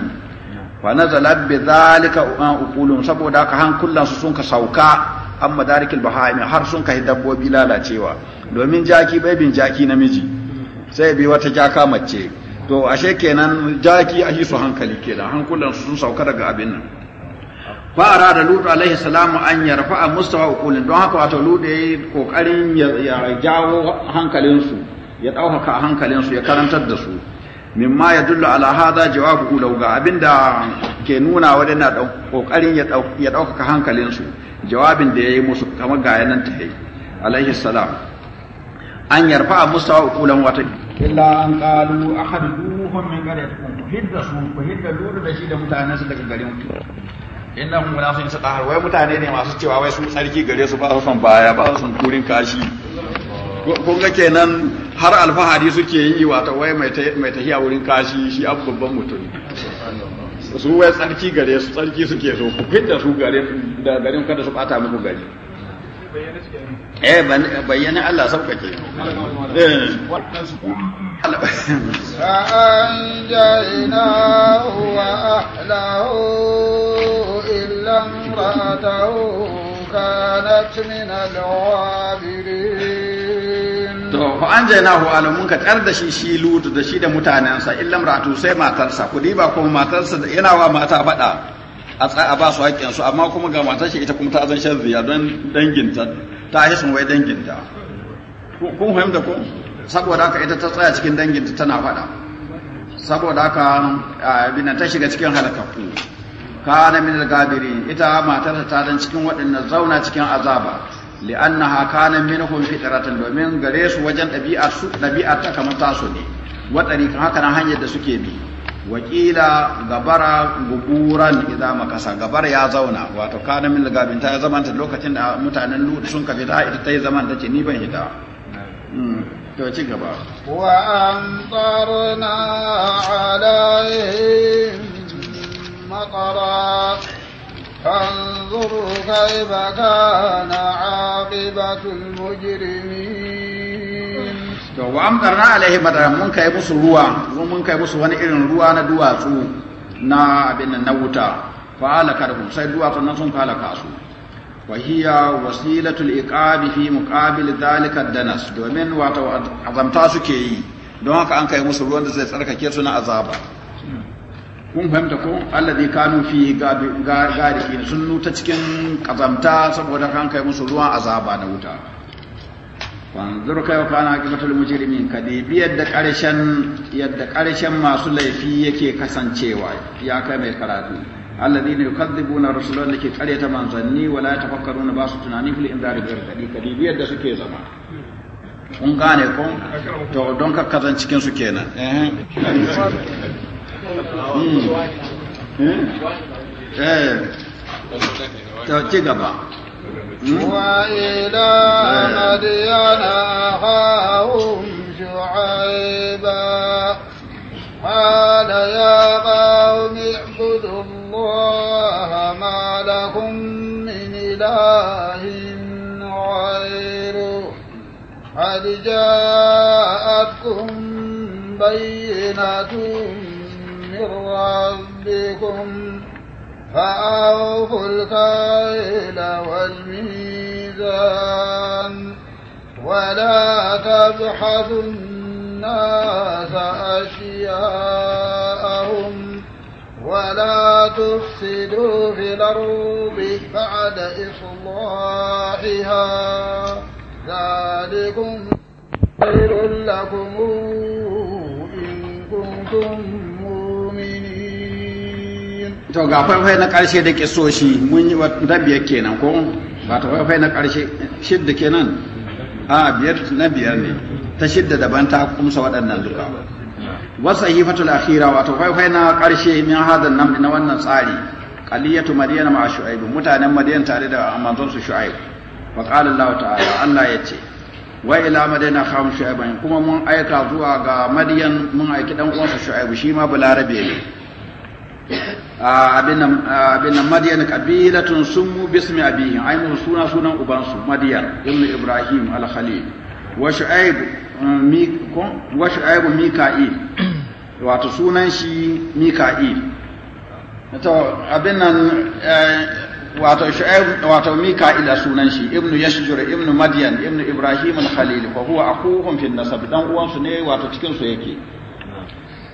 wa nazala bi zalika uqulun saboda ka hankulan su sun ka sauka an madarikil bahaimi har sun ka dabbobi lalacewa domin jaki bai bin jaki namiji sai bi wata jaka mace to ashe kenan jaki a su hankali kenan hankulan sun sauka daga abin nan fa da lut alaihi salamu an yarfa mustawa ukulin don haka wato lut yayi kokarin ya jawo hankalinsu ya dauka hankalinsu ya karantar da su mimma yadullu ala hada jawabu law ga abinda ke nuna wa dana kokarin ya ya dauka jawabin da yayi musu kamar ga yanan yi alaihi salam an yarfa mustawa ukulan wata إلا an قالوا ahaduhum min qaryatikum hidda su ku hidda lulu da shi da mutanen su daga garin ku innahum munafiqun sadahar wai mutane ne masu cewa wai su tsarki gare su ba su son baya ba su son turin kashi kun ga kenan har alfahari suke yi ta wai mai tahiya wurin kashi shi abu babban mutum su wai tsarki gare su tsarki suke so ku hidda su gare da garin kada su bata muku gari eh bayyana Allah sauƙaƙe فأنجيناه وأهله إلا امرأته كانت من الغابرين to fa anjaynahu ala mun ka tsar da shi shi lutu da shi da mutanensa illa ratu sai matarsa ku ba kuma matarsa yana wa mata faɗa a ba su haƙƙin su amma kuma ga matar shi ita kuma ta zan sharriya don danginta ta sun wai danginta kun fahimta ko saboda haka ita ta tsaya cikin danginta tana faɗa saboda haka abinan ta shiga cikin halakakku kana min gabiri gabirin ita matar ta dan cikin waɗannan zauna cikin azaba li'annaha kana minhum fitratan domin gare su wajen ɗabi'a su ɗabi'a ta kamar tasu ne wadari kan haka nan hanyar da suke bi Waƙila gabara guguran idza makasa gabar ya zauna wato kana min lagabin ta zamanta lokacin da mutanen lut sun kafe fita ita ta yi zaman ta ce ni ban hita hmm, to ci gaba wa amtarna alaihim maqara فانظر كيف كان عاقبة المجرمين to wa amdarna alaihim madaran mun kai musu ruwa mun kai musu wani irin ruwa na duwatsu na abin na wuta fa alakarhum sai duwatsun nan sun kala kasu. wa hiya wasilatul iqabi fi muqabil zalika danas domin wato azamta suke yi don haka an kai musu ruwan da zai tsarkake su na azaba kun fahimta ko alladhi kanu fi gadi sun nuta cikin kazamta saboda kan kai musu ruwan azaba na wuta wanzur kai kana aqibatul mujrimin kadibi yadda karshen yadda karshen masu laifi yake kasancewa ya kai mai karatu alladhina yukadzibuna rasulan lake qaryata manzanni wala tafakkaruna basu su tunani fil inzari bil kadi kadibi yadda suke zama kun gane ko to don ka kazan cikin su kenan eh eh hmm. eh to ci gaba وإلى مدين أخاهم شعيبا قال يا قوم اعبدوا الله ما لكم من إله غيره قد جاءتكم بينة من ربكم فأوفوا الخيل والميزان ولا تبحثوا الناس أشياءهم ولا تفسدوا في الأرض بعد إصلاحها ذلكم خير لكم إن كنتم to ga faifai na ƙarshe da ke so shi mun yi na biyar kenan ko ba ta faifai na ƙarshe shidda kenan a biyar na biyar ne ta shidda daban ta kumsa waɗannan duka wasu hifatul akhira wato faifai na ƙarshe min hadan nan na wannan tsari qaliyatu madiyana ma shu'aib mutanen madiyan tare da manzon su shu'aib wa qala allah ta'ala allah yace wa ila madina kham shu'aib kuma mun aika zuwa ga madiyan mun aiki dan uwansa shu'aib shi ma balarabe ne Ah, abin nan ah, madiyan kabilatun mu bismi abihim ainihin musu suna sunan ubansu madiyan ibnu ibrahim al-khalil wa Shu'aibu ah, mika'il <coughs> wato sunan shi mika'il to abin nan eh, wato shu'aib wato mika'il a sunan shi ibnu yashjur ibnu madiyan ibnu ibrahim al-khalil fa huwa akuhum fi nasab dan uwansu ne wato cikin su yake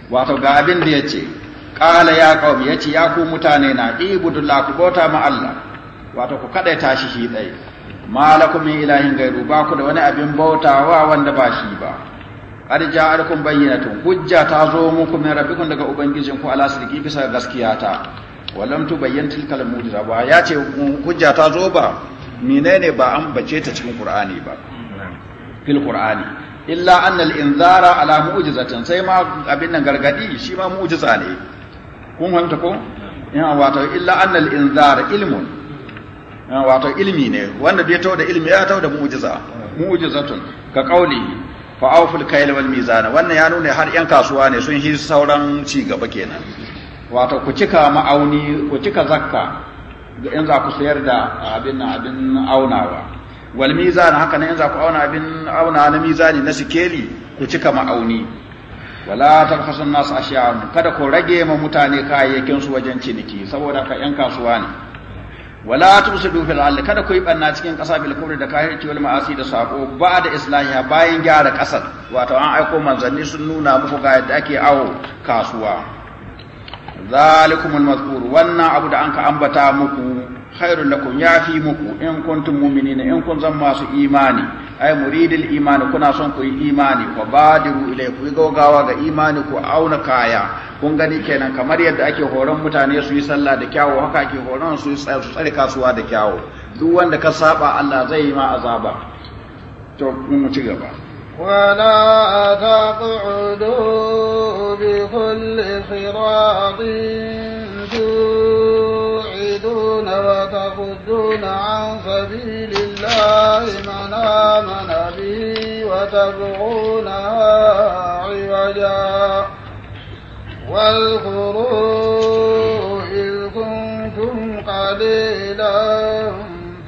wato ga abin da yace kala ya ya ce ya ku mutane na ibudullah ku bauta ma Allah wato ku kaɗai tashi shi tsaye malakum min ilahin gairu ba ku da wani abin bauta wa wanda ba shi ba qad bayyana tun hujja ta zo muku min daga ubangijin ku ala bisa gaskiya ta walam tubayyin tilkal mu'jiza ba ya ce hujja ta zo ba menene ba an bace ta cikin qur'ani ba fil qur'ani illa annal inzara ala mu'jizatin sai ma abin nan gargadi shi ma mu'jiza ne kun fahimta ko yana wato illa annal inzar ilmun wato ilmi ne wanda bai tawo da ilmi ya tawo da mu'jiza mu'jizatun ka qauli fa awful kayl wal mizana wannan ya nuna har yan kasuwa ne sun hi sauran ci gaba kenan wato ku cika ma'auni ku cika zakka ga 'yan za ku sayar da abin abin aunawa wal mizana haka ne 'yan za ku auna abin auna na mizani na sikeli ku cika ma'auni wala tarfasun nasu a mu kada ku rage ma mutane kayayyakin su wajen ciniki saboda ka yan kasuwa ne wala musu fil ardi kada ku yi ɓanna cikin ƙasa bil da kayan wal ma'asi da sako ba da islamiyya bayan gyara ƙasar wato an aiko manzanni sun nuna muku ga yadda ake awo kasuwa zalikumul mazkur wannan abu da an ka ambata muku khairul lakum fi muku in kuntum na in kun zan masu imani ay muridil imani kuna son ku yi imani ku badiru ilai ku gaugawa ga imani ku auna kaya kun gani kenan kamar yadda ake horon mutane su yi sallah da kyawu haka ake horon su yi tsare kasuwa da kyawu duk wanda ka saba Allah zai yi ma azaba to mun ci gaba ولا تقعدوا بكل صراط دون وتصدون عن سبيل الله من آمن به وتبغون عوجا واذكروا إذ كنتم قليلا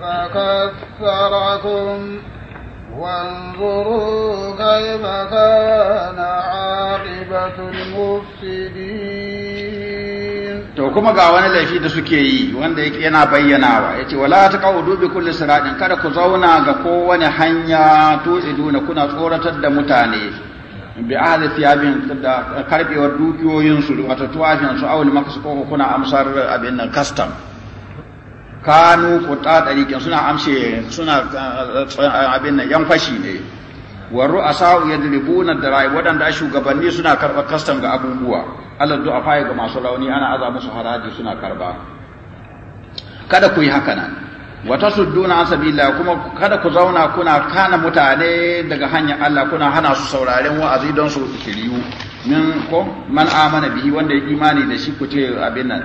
فكثركم وانظروا كيف كان عاقبة المفسدين to kuma ga wani laifi da suke yi wanda yana bayyanawa yace wala taqudu dubi kulli siratin kada ku zauna ga kowane hanya tu'iduna kuna tsoratar da mutane bi ahli thiyabin da karbewar dukiyoyin su wato tuwafin su awul makasu ko kuna amsar abin nan custom kanu ta dariqin suna amshe suna eh, abin nan yan fashi ne wa ru'asa'u yadribuna darai wadanda shugabanni suna karba kastan ga abubuwa du'a du'afa ga masu launi ana aza musu haraji suna karba kada ku yi haka nan wa tasudduna an sabila kuma kada ku zauna kuna kana mutane daga hanyar Allah kuna hana su sauraren wa'azi don su kiriyu min ko man amana bihi wanda ya imani da shi ku abin nan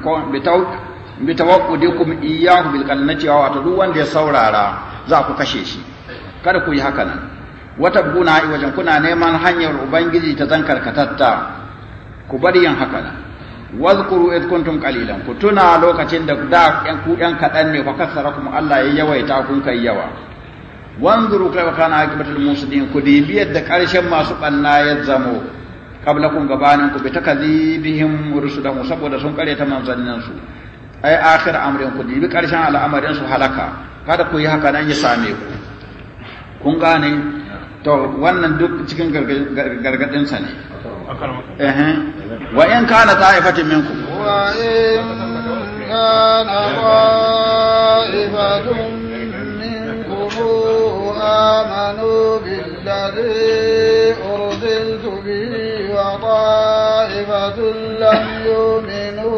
ko bitaw bitawaqqudikum iyyahu bil kalnati wa duk wanda ya saurara za ku kashe shi kada ku yi haka nan wata buna wajen kuna neman hanyar ubangiji ta zan karkatatta ku bari yin haka nan wazkuru id kuntum qalilan ku tuna lokacin da da yan ku yan kadan ne fa kuma Allah ya yawaita kun kai yawa wanzuru kai kana akibatul musidin ku dibi yadda karshen masu banna ya zamo qablakum gabanin ku bi takazibihim rusulahum saboda sun kare ta manzannin su ai akhir amrin ku dibi karshen al'amarin su halaka kada ku yi haka nan ya same ku kun gane to wannan duk cikin gargadin sa ne wa in kana ta'ifatin minkum wa in kana ta'ifatun minkum amanu billadhi ursiltu bihi wa ta'ifatun lam yu'minu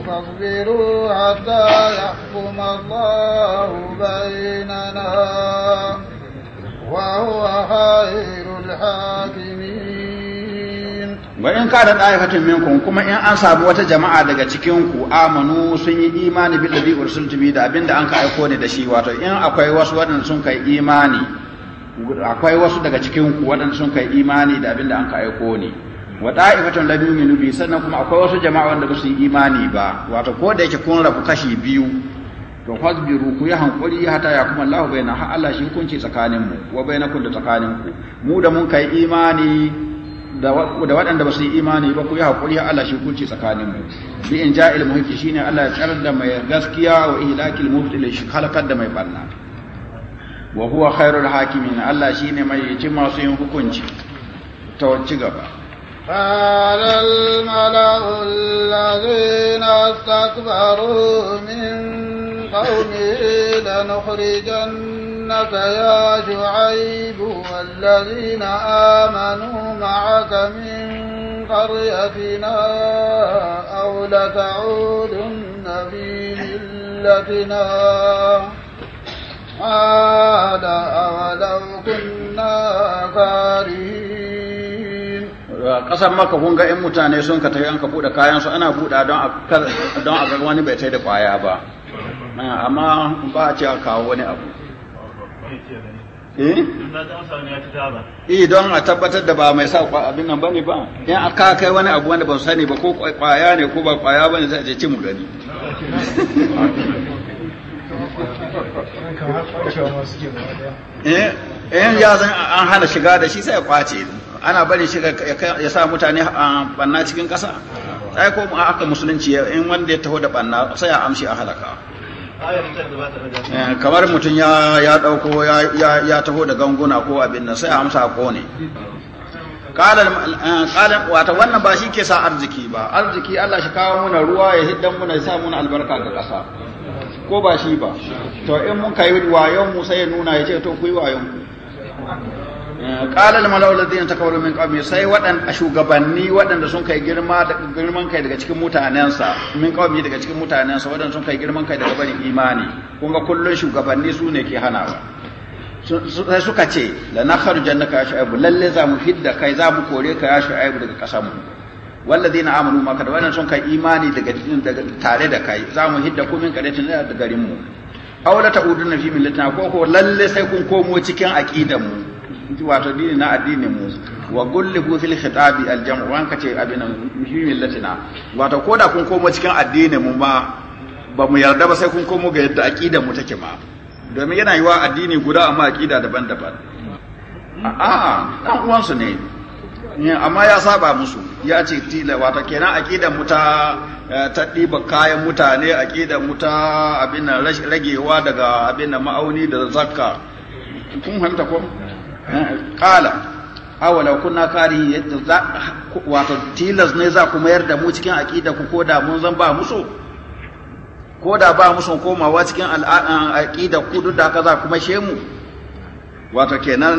فاصبروا حتى يحكم الله بيننا وهو خير الحاكمين وإن كان طائفة منكم كما إن أنصاب وتجمع daga cikin آمنوا sun yi imani بيدا بند أنك bi da abinda an ka aiko ne da shi wato in akwai wasu waɗanda sun kai imani akwai wasu daga cikin ku waɗanda sun kai imani da abinda an ka aiko ne wa da'ifatun lam yu'minu bi sannan kuma akwai wasu jama'a wanda ba su yi imani ba wato ko da yake kun rabu kashi biyu to fasbiru ku yi hankuri hata ya kuma Allah bai na Allah shi hukunci tsakanin mu wa bai na kun da tsakanin ku mu da mun kai imani da waɗanda ba su yi imani ba ku yi hankuri Allah shi hukunci tsakanin mu bi in ja'il shi shine Allah ya tsar da mai gaskiya wa ihlakil mubtil shi halakar da mai barna wa huwa khairul hakimin Allah shine mai yi masu yin hukunci ta wacce gaba قال الملأ الذين استكبروا من قومي لنخرجنك يا شعيب والذين آمنوا معك من قريتنا أو لتعودن في ملتنا قال أولو كنا كارهين ƙasar maka kun ga 'yan mutane sun ka tafi an ka buɗe kayansu ana buɗa don a ga wani bai tai da ƙwaya ba amma ba a ce a kawo wani abu eh, eh don a tabbatar da ba mai sa abin nan bane ba in ka kai wani abu wanda ban sani ba ko kwaya ne ko ba kwaya bane sai a ce ci gani eh ya zan an hana shiga da shi sai ya kwace ana bari shiga ya sa mutane banna cikin kasa sai ko aka musulunci in wanda ya taho da banna sai ya amshi a halaka Eh, kamar mutum ya ɗauko ya taho da ganguna ko abin nan sai a amsa ko ne wata wannan ba shi ke sa arziki ba arziki Allah shi kawo muna ruwa ya hiddan muna ya sa muna albarka ga ƙasa ko ba shi ba to in mun kai wayon mu sai ya nuna ya ce to ku yi wayon qala al mala'u alladhina takawwalu min qawmi sai wadan shugabanni wadanda sun kai girma da girman kai daga cikin mutanensa min qawmi daga cikin mutanensa wadanda sun kai girman kai daga barin imani kun ga kullun shugabanni su ne ke hanawa sai suka ce la ka ya shu'aib lalle za mu hidda kai za mu kore ka ya shu'aib daga kasar mu walladhina amanu maka da wadannan sun kai imani daga tare da kai za mu hidda ku min kadatin da garin mu aw la ta'uduna fi millatina ko ko lalle sai kun komo cikin aqidan mu wato dini na addini mu wa gullihu fil khitabi al jam'u wanka ce abin latina, wato koda kun koma cikin addini mu ma ba mu yarda ba sai kun koma ga yadda aqida mu take ma domin yana yiwa addini guda amma aqida daban-daban a dan uwansu ne eh, amma ya saba musu ya ce tila wato kenan aqida mu ta eh, ta ɗiba kayan mutane aqida mu ta abin ragewa daga abin ma'auni da zakka kun hanta ko qala awala kuna kari yadda za wato tilas ne za ku mayar da mu cikin aqida ku koda mun zan ba musu koda ba musu komawa cikin aqida ku duk da haka za ku mashe mu wato kenan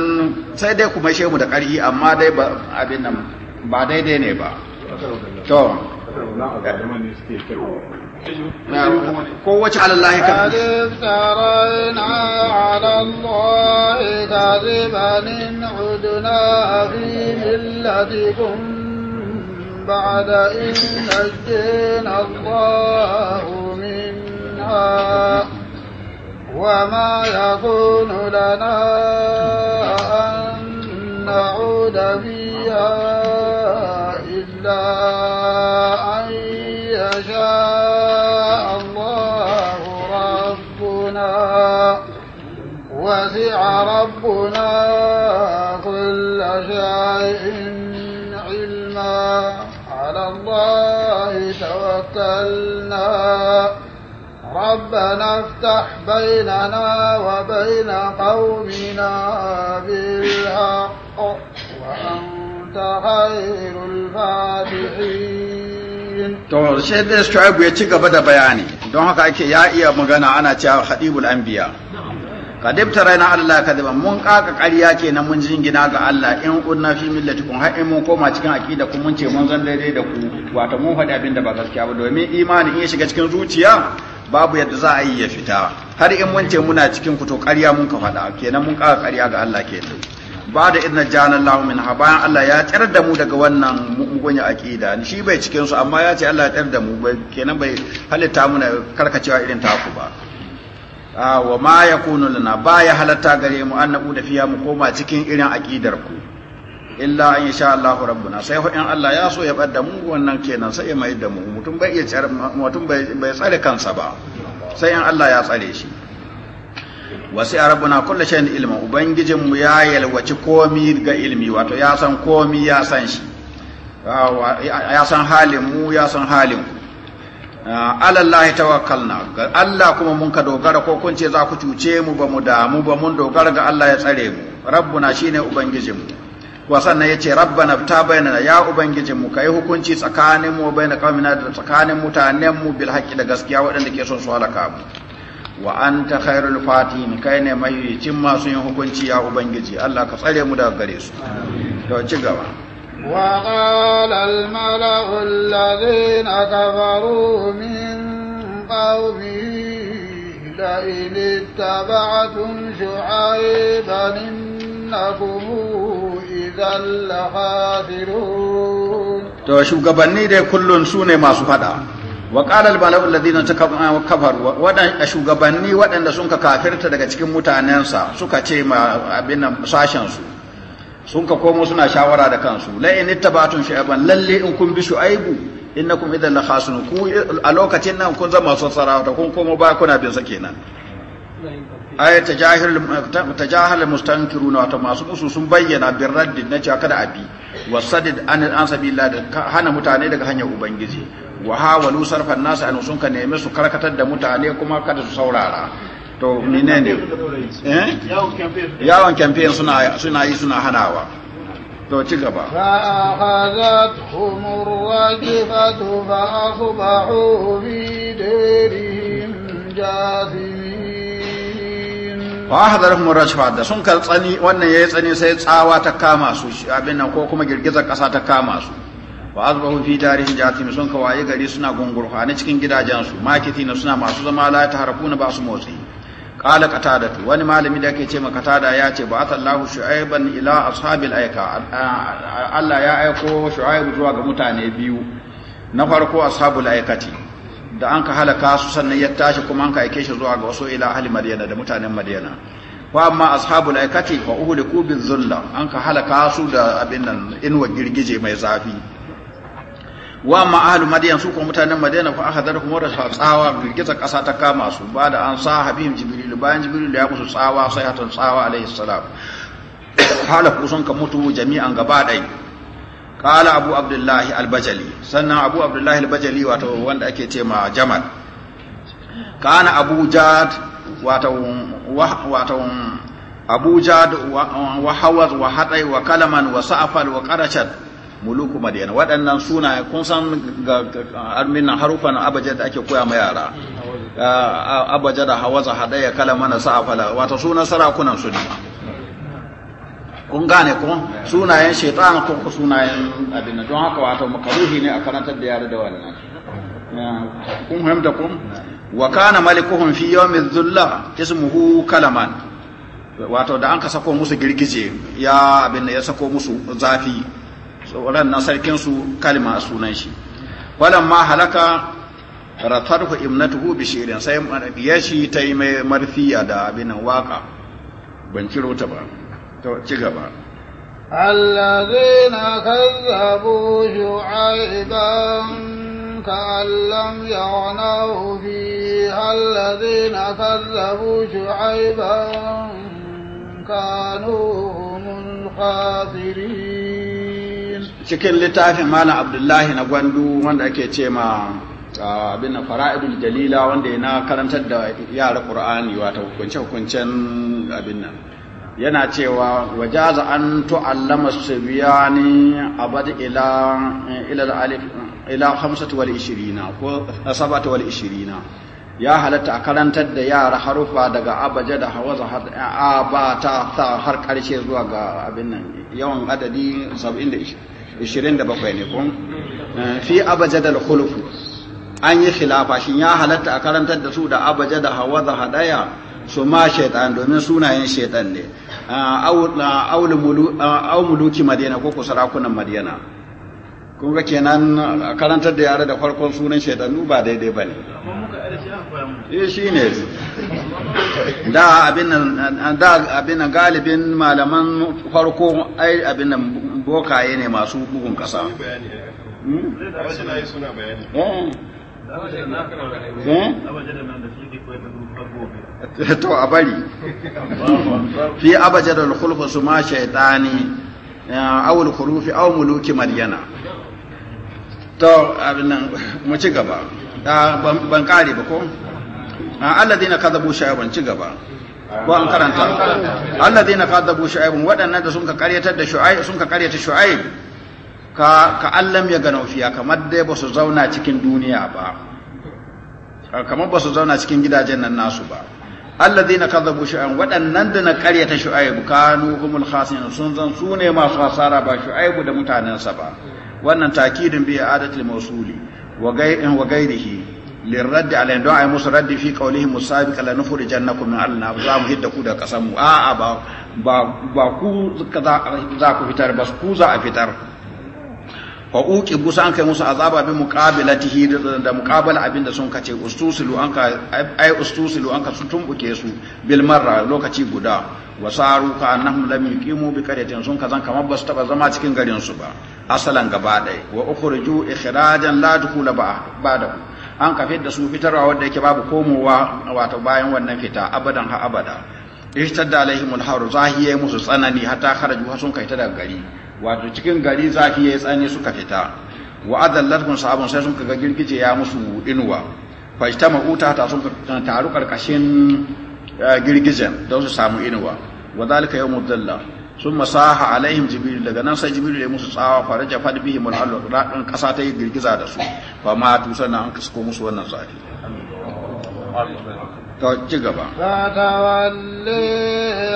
sai dai ku mashe mu da ƙarfi amma dai ba abin nan ba daidai ne ba to نعم. قوة على الله كذب ألف ترى على الله كذبا عدنا في ملتكم بعد إن نجينا الله منها وما يكون لنا أن نعود فيها إلا أن يشاء وسع ربنا كل شيء علما على الله توكلنا ربنا افتح بيننا وبين قومنا بالحق وأنت خير الفاتحين To sai dai Shu'aibu ya ci gaba da bayani don haka ake ya iya magana ana cewa hadibul anbiya kadib taraina Allah kadiban mun kaka ƙarya ce na mun jingina ga Allah in kunna fi kun har in mun koma cikin aqida kun mun ce mun zan daidai da ku wato mun faɗi abin da ba gaskiya ba domin imani in ya shiga cikin zuciya babu yadda za a yi ya fita har in mun ce muna cikin ku to ƙarya mun ka faɗa kenan mun kaka ƙarya ga Allah kenan ba da idna jana Allah min ha bayan Allah ya tsar da mu daga wannan mugunya aqida shi bai cikin su amma ya ce Allah ya tsar da mu kenan bai halitta muna karkacewa irin taku ba Ah, wa ma yakunu lana ba ya halatta gare mu an nabu da fiya mu koma cikin irin aƙidar ku illa an yasha Allah rabbuna sai in Allah ya so ya bada mu wannan kenan sai ya mai da mu mutum bai iya tsare mutum bai tsare kansa ba sai in Allah ya tsare shi wasu ya rabbuna kullu shay'in ilma ubangijin mu ya yalwaci komi ga ilmi wato ya san komi ya san shi ah, ya san halin mu ya san halin ku ya ah, tawakkalna ga Allah kuma mun ka dogara ko kun ce za ku cuce mu ba mu damu ba mun dogara ga Allah ya tsare mu rabbuna shine ubangijin mu wa sannan yace rabbana ta bayyana ya ubangijin mu kai hukunci tsakanin mu bayyana kamina da tsakanin mutanen mu bil haqqi da gaskiya waɗanda ke son su halaka mu wa anta khairul fatihin kai ne mai cin masu yin hukunci ya ubangiji Allah ka tsare mu daga gare su to ci gaba وقال الملأ الذين كفروا من قومه لئن اتبعتم شعيبا إنكم إذا لخاسرون to shugabanni dai kullun su masu fada wa qala al malaa'u alladhina kafaru wadan shugabanni waɗanda sun ka kafirta daga cikin mutanensa suka ce ma abin nan sashen su sun ka komo suna shawara da kansu la in ittabatun shu'aban lalle in kun bi shu'aibu innakum idan la khasun ku a lokacin nan kun zama masu sarauta kun komo ba kuna bin sa kenan ay tajahil tajahil mustankiruna wato masu musu sun bayyana bin raddin na cewa kada abi wasadid an an sabila da hana mutane daga hanyar ubangiji wa hawalu sarfan nasu an sun ka nemi su karkatar da mutane kuma kada su saurara to menene eh yawon campaign suna suna yi suna hanawa to ci gaba wa hadarhum rajfa da sun kal tsani wannan yayi tsani sai tsawa ta kama su abin nan ko kuma girgizar kasa ta kama su wa azbahu fi darihim jathim sun kawaye gari suna gungurfa na cikin gidajensu makiti na suna masu zama la ta harfuna ba su motsi قال قتادة wani malami da yake ce ma qatada ya ce ba atallahu shu'aiban ila ashabil aika Allah ya aiko shu'aib zuwa ga mutane biyu na farko ashabul aikati da an ka halaka su sannan ya tashi kuma an ka aike shi zuwa ga wasu ila ahli da mutanen madyana wa amma ashabul aikati fa uhliku bizulla an ka halaka su da abin nan inwa girgije mai zafi wa ma ahlu madiyan su ko mutanen madina fa kuma wa tsawa girgiza kasa ta kama su ba da an sa habibin jibril bayan jibril ya musu tsawa sai hatan tsawa alaihi salam halaku sun ka mutu jami'an gaba dai qala abu abdullah al-bajali sannan abu abdullah al-bajali wato wanda ake ce ma jamal kana abu jad wato wato abu jad wa hawaz wa hadai wa kalaman wa sa'fal wa qarachat muluku madina waɗannan suna kun san ga na harufan abajar da ake koya ma yara abajar da hawaza hadaya sa a sa'afala wata suna sarakunan su ne kun gane kun sunayen shaitan ko sunayen abin don haka wato makaruhi ne a karantar da yara da wannan kun fahimta kun wa kana malikuhum fi yawmi dhulla ismuhu kalaman wato da an ka sako musu girgije ya abin da ya sako musu zafi tsoron na sarkinsu kalma a sunan shi wadan ma halaka ratarhu imnatuhu bi shirin sai ya shi ta yi mai marfiya da abin waka ban ciro ta ba ta ci gaba allazina kazzabu shu'aiban كأن لم يغنوا فيها الذين كذبوا شعيبا كانوا هم الخاسرين cikin littafin malam abdullahi na gwandu wanda ake ce ma abin fara'idul dalila wanda na karantar da yara qur'ani wata hukunce hukuncen abin nan yana cewa za an biya ni a bada ila alif wal ishirina, ko ishirina ya halatta a karantar da yara harufa daga abaja da hawa za a ba ta har karshe zuwa ga abin nan yawan adadi 70 27 ne kun eh, fi abajadal khulufu an yi khilafa shin ya halatta a karantar da su da abajada hawa da hadaya su ma shaitan domin sunayen shaitan ne eh, eh, au muluki madina ko ku sarakunan madina kun ga kenan karantar da yare da farkon sunan shaitan ba daidai ba ne eh shi ne da abin nan galibin malaman farko ai abin nan bokaye ne masu bugun kasa hmm? eh. eh? to a bari fi abajar da khulfa su ma shaitani eh, awul khurufi aw muluki madyana to abinan mu ci gaba ah, ban kare ba ko ah, alladina kadabu shayban ci gaba ko an karanta alladhina kadzabu shu'aib wadannan da sun ka karyatar da shu'aib sun ka karyata shu'aib ka ka allam ya gano fiya kamar dai ba su zauna cikin duniya ba kamar ba su zauna cikin gidajen nan nasu ba alladhina kadzabu shu'aib wadannan da na karyata shu'aib kanu humul khasin sun zan su ne masu hasara ba shu'aib da mutanensa ba wannan takidin bi adatil mawsuli wa gairihi lirraddi alayhi don a yi musu raddi fi qawlihi musabiq la nufuri jannakum min alna za mu hidda ku da kasan a'a ba ba ku za ku fitar ba ku za a fitar fa uqi busa an kai musu azaba bi muqabilatihi da muqabala abinda sun kace ustusilu an an ka sun tumbuke su bil marra lokaci guda wasaru ka annahum lam yuqimu bi qaryatin sun kazan kamar basu taba zama cikin garin su ba asalan gaba dai wa ukhruju ikhrajan la dukula ba ba da an ka da su fitarwa wanda yake babu komowa wato bayan wannan fita abadan ha abada ishtadda alaihimul haru zahiye musu tsanani hatta kharaju sun kai ta daga gari wato cikin gari zafi yi tsani suka fita wa adallatkum sabon sai sun kaga girgije ya musu inuwa fajtama uta ta sun taru karkashin eh, girgijen don su samu inuwa wa zalika yawmud dhalla sun masaha alaihim jibril daga nan sai jibril ya musu tsawa fara jafa da bihim al'allu radin kasa ta yi girgiza da su ba ma tu sana an kasko musu wannan zafi ta ci gaba fatawalli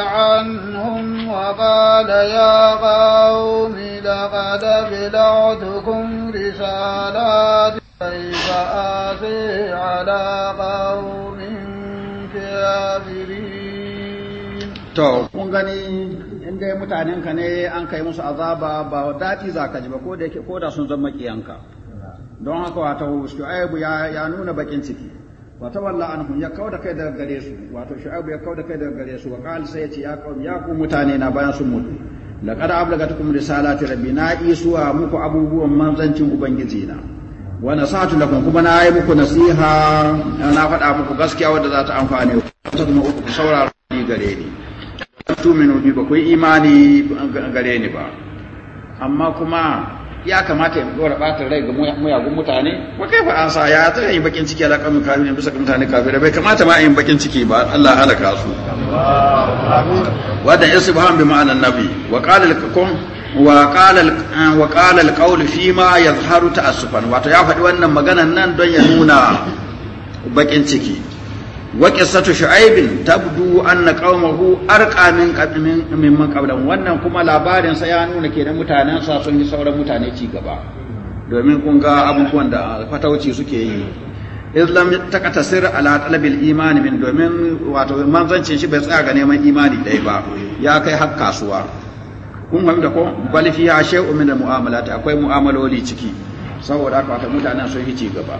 anhum wa qala ya qaumi laqad bilatukum risalati kayfa asi ala qaumi To, kun gani inda mutanen ka ne an kai musu azaba ba dati za ka ji ba ko da sun zama kiyanka. Don haka wato Shu'aibu ya nuna bakin ciki. Wata walla an ya kau da kai daga gare su, wato Shu'aibu ya kau da kai daga gare su, wa ƙal sai ya ce ya kau ya ku mutane na bayan sun mutu. Laƙar ablagatukum risalati rabbi na isuwa muku abubuwan manzancin Ubangiji na. wa nasatu lakum kuma na yi muku nasiha na faɗa muku gaskiya wadda za ta amfane ku kuma ku saurara ni gare ni tu'minu bi ba ku imani gare ni ba amma kuma ya kamata in dora batar rai ga muyagun mutane ba kai fa an sa ya ta yin bakin ciki ala kamun kafin bisa ga mutane kafin bai kamata ma yin bakin ciki ba Allah halaka su wadan isbaham bi ma'ana nabi wa qala lakum wa qala wa qala alqawl fi ma yazharu ta'assufan wato ya faɗi wannan maganan nan don ya nuna bakin ciki waƙisatu qissatu tabdu anna qaumahu arqa min qadmin qablan wannan kuma labarin sa ya nuna kenan mutanen sa sun yi sauran mutane ci gaba domin kun ga abubuwan da fatauci suke yi islam ta katasir ala talabil imani min domin wato manzancin shi bai tsaya ga neman imani dai ba ya kai har kasuwa kun da ko bal fiya shay'un min al mu'amalat akwai mu'amaloli ciki saboda haka mutanen sun yi ci gaba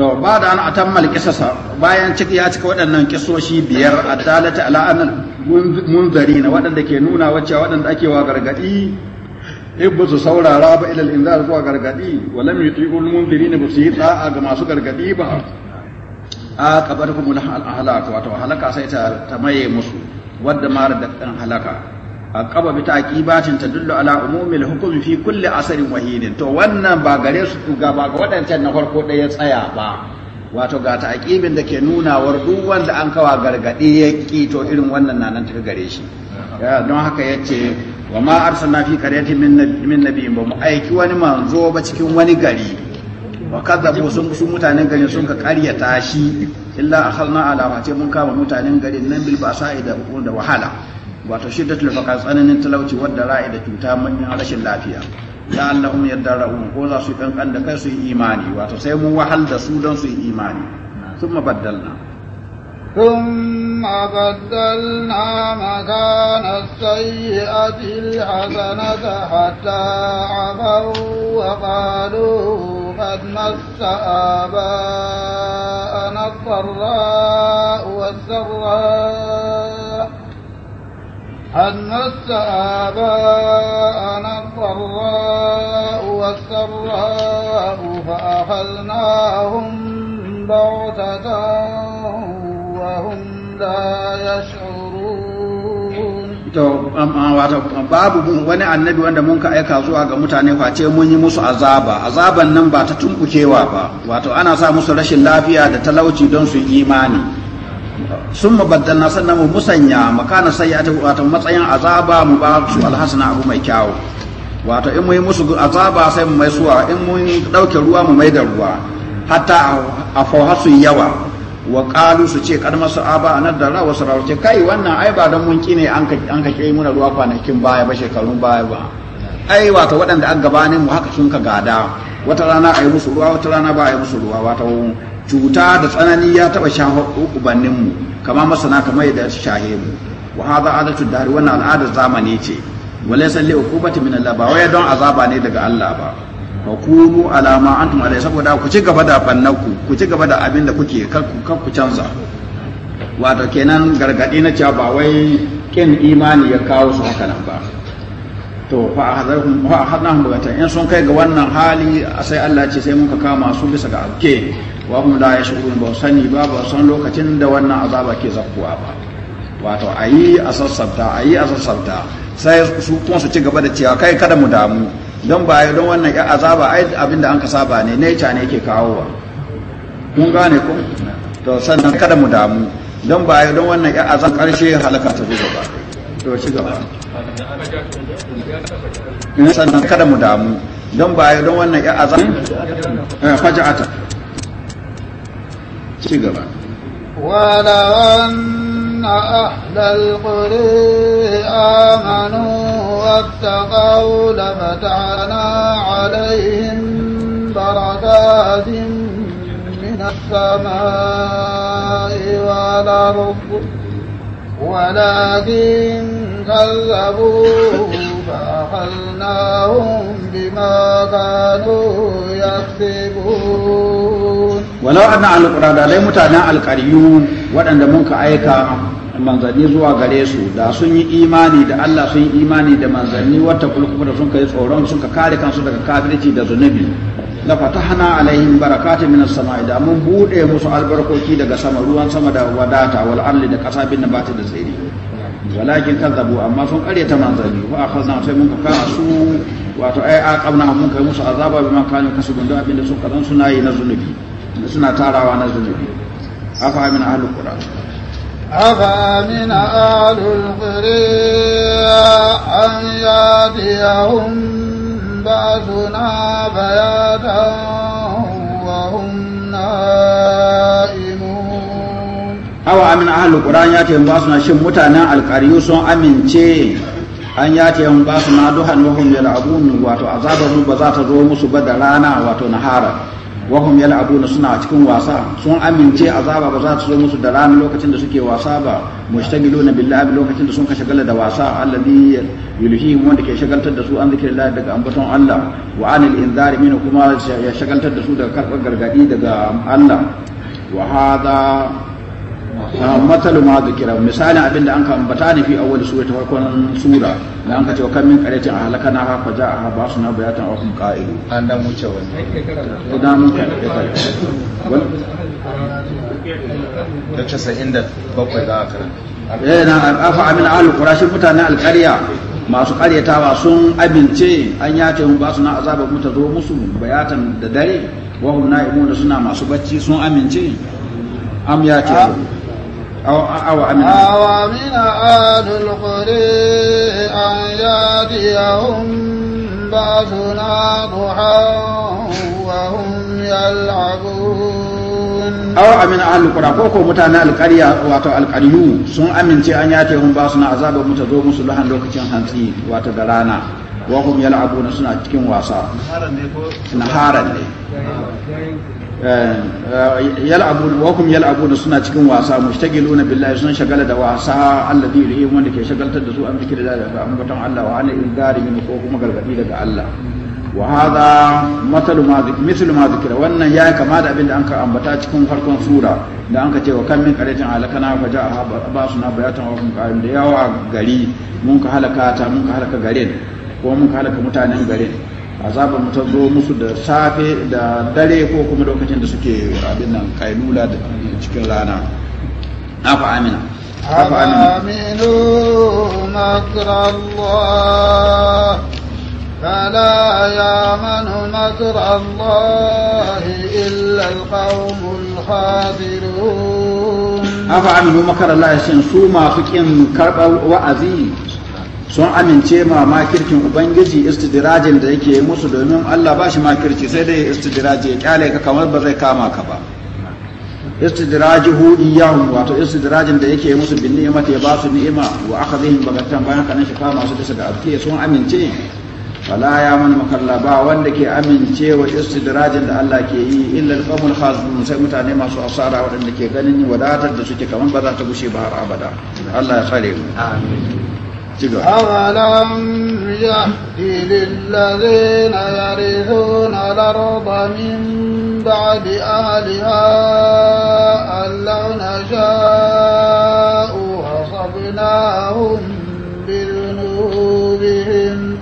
to ba da an atammal kisasa bayan cik ya cika waɗannan kisoshi biyar addalata ala munzari na waɗanda ke nuna wacce waɗanda ake wa gargadi ibbu saurara ba ilal inzar zuwa gargadi wa lam yuti'u al su yi sita ga masu gargadi ba a kabarkum al ahlak wato halaka sai ta maye musu wadda mara da halaka aqaba bi ta'qibatin tadullu ala umumil hukmi fi kulli asarin wahidin to wannan ba gare su ga ba ga wadancan na farko da ya tsaya ba wato ga ta'qibin da ke nuna war duk wanda an kawa gargade ya ki to irin wannan na nan tafi gare shi don haka yace wa ma arsalna fi qaryatin min min nabiyyin ba mu aiki wani manzo ba cikin wani gari wa kazzabu sun su mutanen garin sun ka karyata shi illa akhalna ala ce mun kama mutanen garin nan bil basa'i da wahala wato shiddatul faqa tsananin talauci wadda ra'ayi da cuta manyan rashin lafiya la allahum yadarrun ko za su kankan da kai su yi imani wato sai mun wahal da su don su yi imani thumma baddalna ثم بدلنا مكان السيئة الحسنة حتى عفوا وقالوا قد مس آباءنا الضراء والسراء أن مس آباءنا الضراء والسراء فأخذناهم بغتة وهم لا يشعرون babu wani annabi wanda mun ka aika zuwa ga mutane face mun yi musu azaba azaban nan ba ta tumbukewa ba wato ana sa musu rashin lafiya da talauci don su yi imani sun na sannan mu musanya makana sayyata wato matsayin azaba mu ba su alhasana abu mai kyawu wato in mu yi musu azaba sai mu mai suwa in mu dauke ruwa mu mai da ruwa hatta a fauha yawa wa qalu su ce kad masu aba anar da rawa su ce kai wannan ai ba dan mun kine an ka an ka kai muna ruwa kwanakin baya ba shekarun baya ba ai wato waɗanda an gabanin mu haka sun ka gada wata rana ai musu ruwa wata rana ba ai musu ruwa wato cuta da tsanani ya taba shafa ubannin mu kama masana kamar yadda shahe mu wa hadha adatu dari wannan al'ada zamani ce walaysa li uqubati min Allah ba wai don azaba ne daga Allah ba fa kunu alama antum alai saboda ku ci gaba da fannanku ku ci gaba da abin da kuke kanku ku canza wato kenan gargadi na cewa ba wai kin imani ya kawo su haka nan ba to fa ahadnahum bugatan in sun kai ga wannan hali sai Allah ce sai muka kama su bisa ga alke wa da ya shugun ba sani ba ba san lokacin da wannan azaba ke zakkuwa ba wato ayi a sassabta ayi a sassanta sai su kuma su ci gaba da cewa kai kada mu damu don ba don wannan ya azaba ai abinda an ka saba ne ne ne yake kawowa kun gane ku to sannan kada mu damu don ba don wannan ya azan karshe halaka ta zo ba to ci gaba sannan kada mu damu don ba don wannan ya azan eh, faja'ata سيقبا ولو أن أهل القرى آمنوا واتقوا لفتحنا عليهم بركات من السماء والأرض ولكن كذبوه فأخذناهم بما كانوا يكسبون ولو أن على القرآن لا القريون وأن منك أيكا manzanni zuwa gare su da sun yi imani da Allah sun yi imani da manzanni wata kuma da sun kai tsoron sun ka kare kansu daga kafirci da zunubi la fatahna alaihim barakatun minas sama'i da mun bude musu albarkoki daga sama ruwan sama da wadata wal ardi da kasa bin nabati da tsiri walakin kazzabu amma sun karyata manzanni wa akhazna sai mun kama su wato ai aqabna mun kai musu azaba bi ma kanu kasubun da abinda suka zan suna yi na zunubi suna tarawa na zunubi afa min ahlul qur'an afa min qur'an an yadiyahum ba'duna bayatan wa hum hawa amin ahalu qur'an ya ta ba na shin mutanen alqariyu sun amince an ya ta ba na duhan wa abu yal'abun wato azabar ba za ta zo musu ba da rana wato nahara wa abu yal'abun suna cikin wasa sun amince azaba ba za ta zo musu da rana lokacin da suke wasa ba mushtagiluna billahi lokacin da sun ka shagala da wasa alladhi yulhihim wanda ke shagaltar da su an Allah daga ambaton Allah wa anil inzari min kuma ya shagaltar da su daga karbar gargadi daga Allah wa hada Ah, matalu ma zikira misalin abin da an ka ambata ne fi awwal sura ta farkon sura da an ka ce kan min qaryatin ahlakana ha fa ja'a ba suna bayatan aw kun qa'ilu an dan wuce wannan da mun ka da ta sai inda bakwai za a karanta eh na afa amin al qurashi mutanen al qarya masu karyatawa sun abince an yace hun ba su na azaba mu ta zo musu bayatan da dare wa hum na'imuna suna masu bacci sun amince am ya ce ah, A amina A wa amina ko mutane alƙalya, wata alƙalihu, sun amince an yade mumbasu na azabar mu ta zo musu lahan lokacin hantsi wata gara na. wa hum yal'abuna suna cikin wasa naharan ne eh, eh, yal'abuna yal hum yal'abuna suna cikin wasa mushtagiluna billahi sun shagala da wasa Allah alladhi yuhim wanda ke shagaltar da su an zikri da daga ambaton Allah wa ana ingari min ko kuma gargadi daga Allah wa hadha matalu ma zik mithlu ma zikra wannan ya kama da abin da ka ambata cikin farkon sura da an ka ce wa kan min qaratin alakana fa ja'a basuna bayatan wa hum qaim da yawa gari mun ka halaka ta mun ka halaka garin ko mun halaka mutanen garin azabar mu ta zo musu da safe da dare ko kuma lokacin da suke abin nan kailula da cikin rana afa amina afa aminu makrallah فلا يامن مكر الله إلا القوم الخاسرون أفعملوا مكر الله سن سوما فكين كرب وعزي sun amince ma makirkin ubangiji istidirajin da yake yi musu domin Allah ba shi makirci sai dai istidiraji ya kyale ka kamar ba zai kama ka ba istidiraji hu wato istidirajin da yake musu bin ni'ima ya ba su ni'ima wa akhadhihim bagatan bayan kanan shi kama su da da abke sun amince fala ya man makalla ba wanda ke amincewa istidirajin da Allah ke yi illa al-qawmul sai mutane masu asara waɗanda ke ganin wadatar da suke kamar ba za ta gushe ba har abada Allah ya tsare mu amin أولم يهد للذين يرثون الأرض من بعد أهلها أن لو نشاء أصبناهم بذنوبهم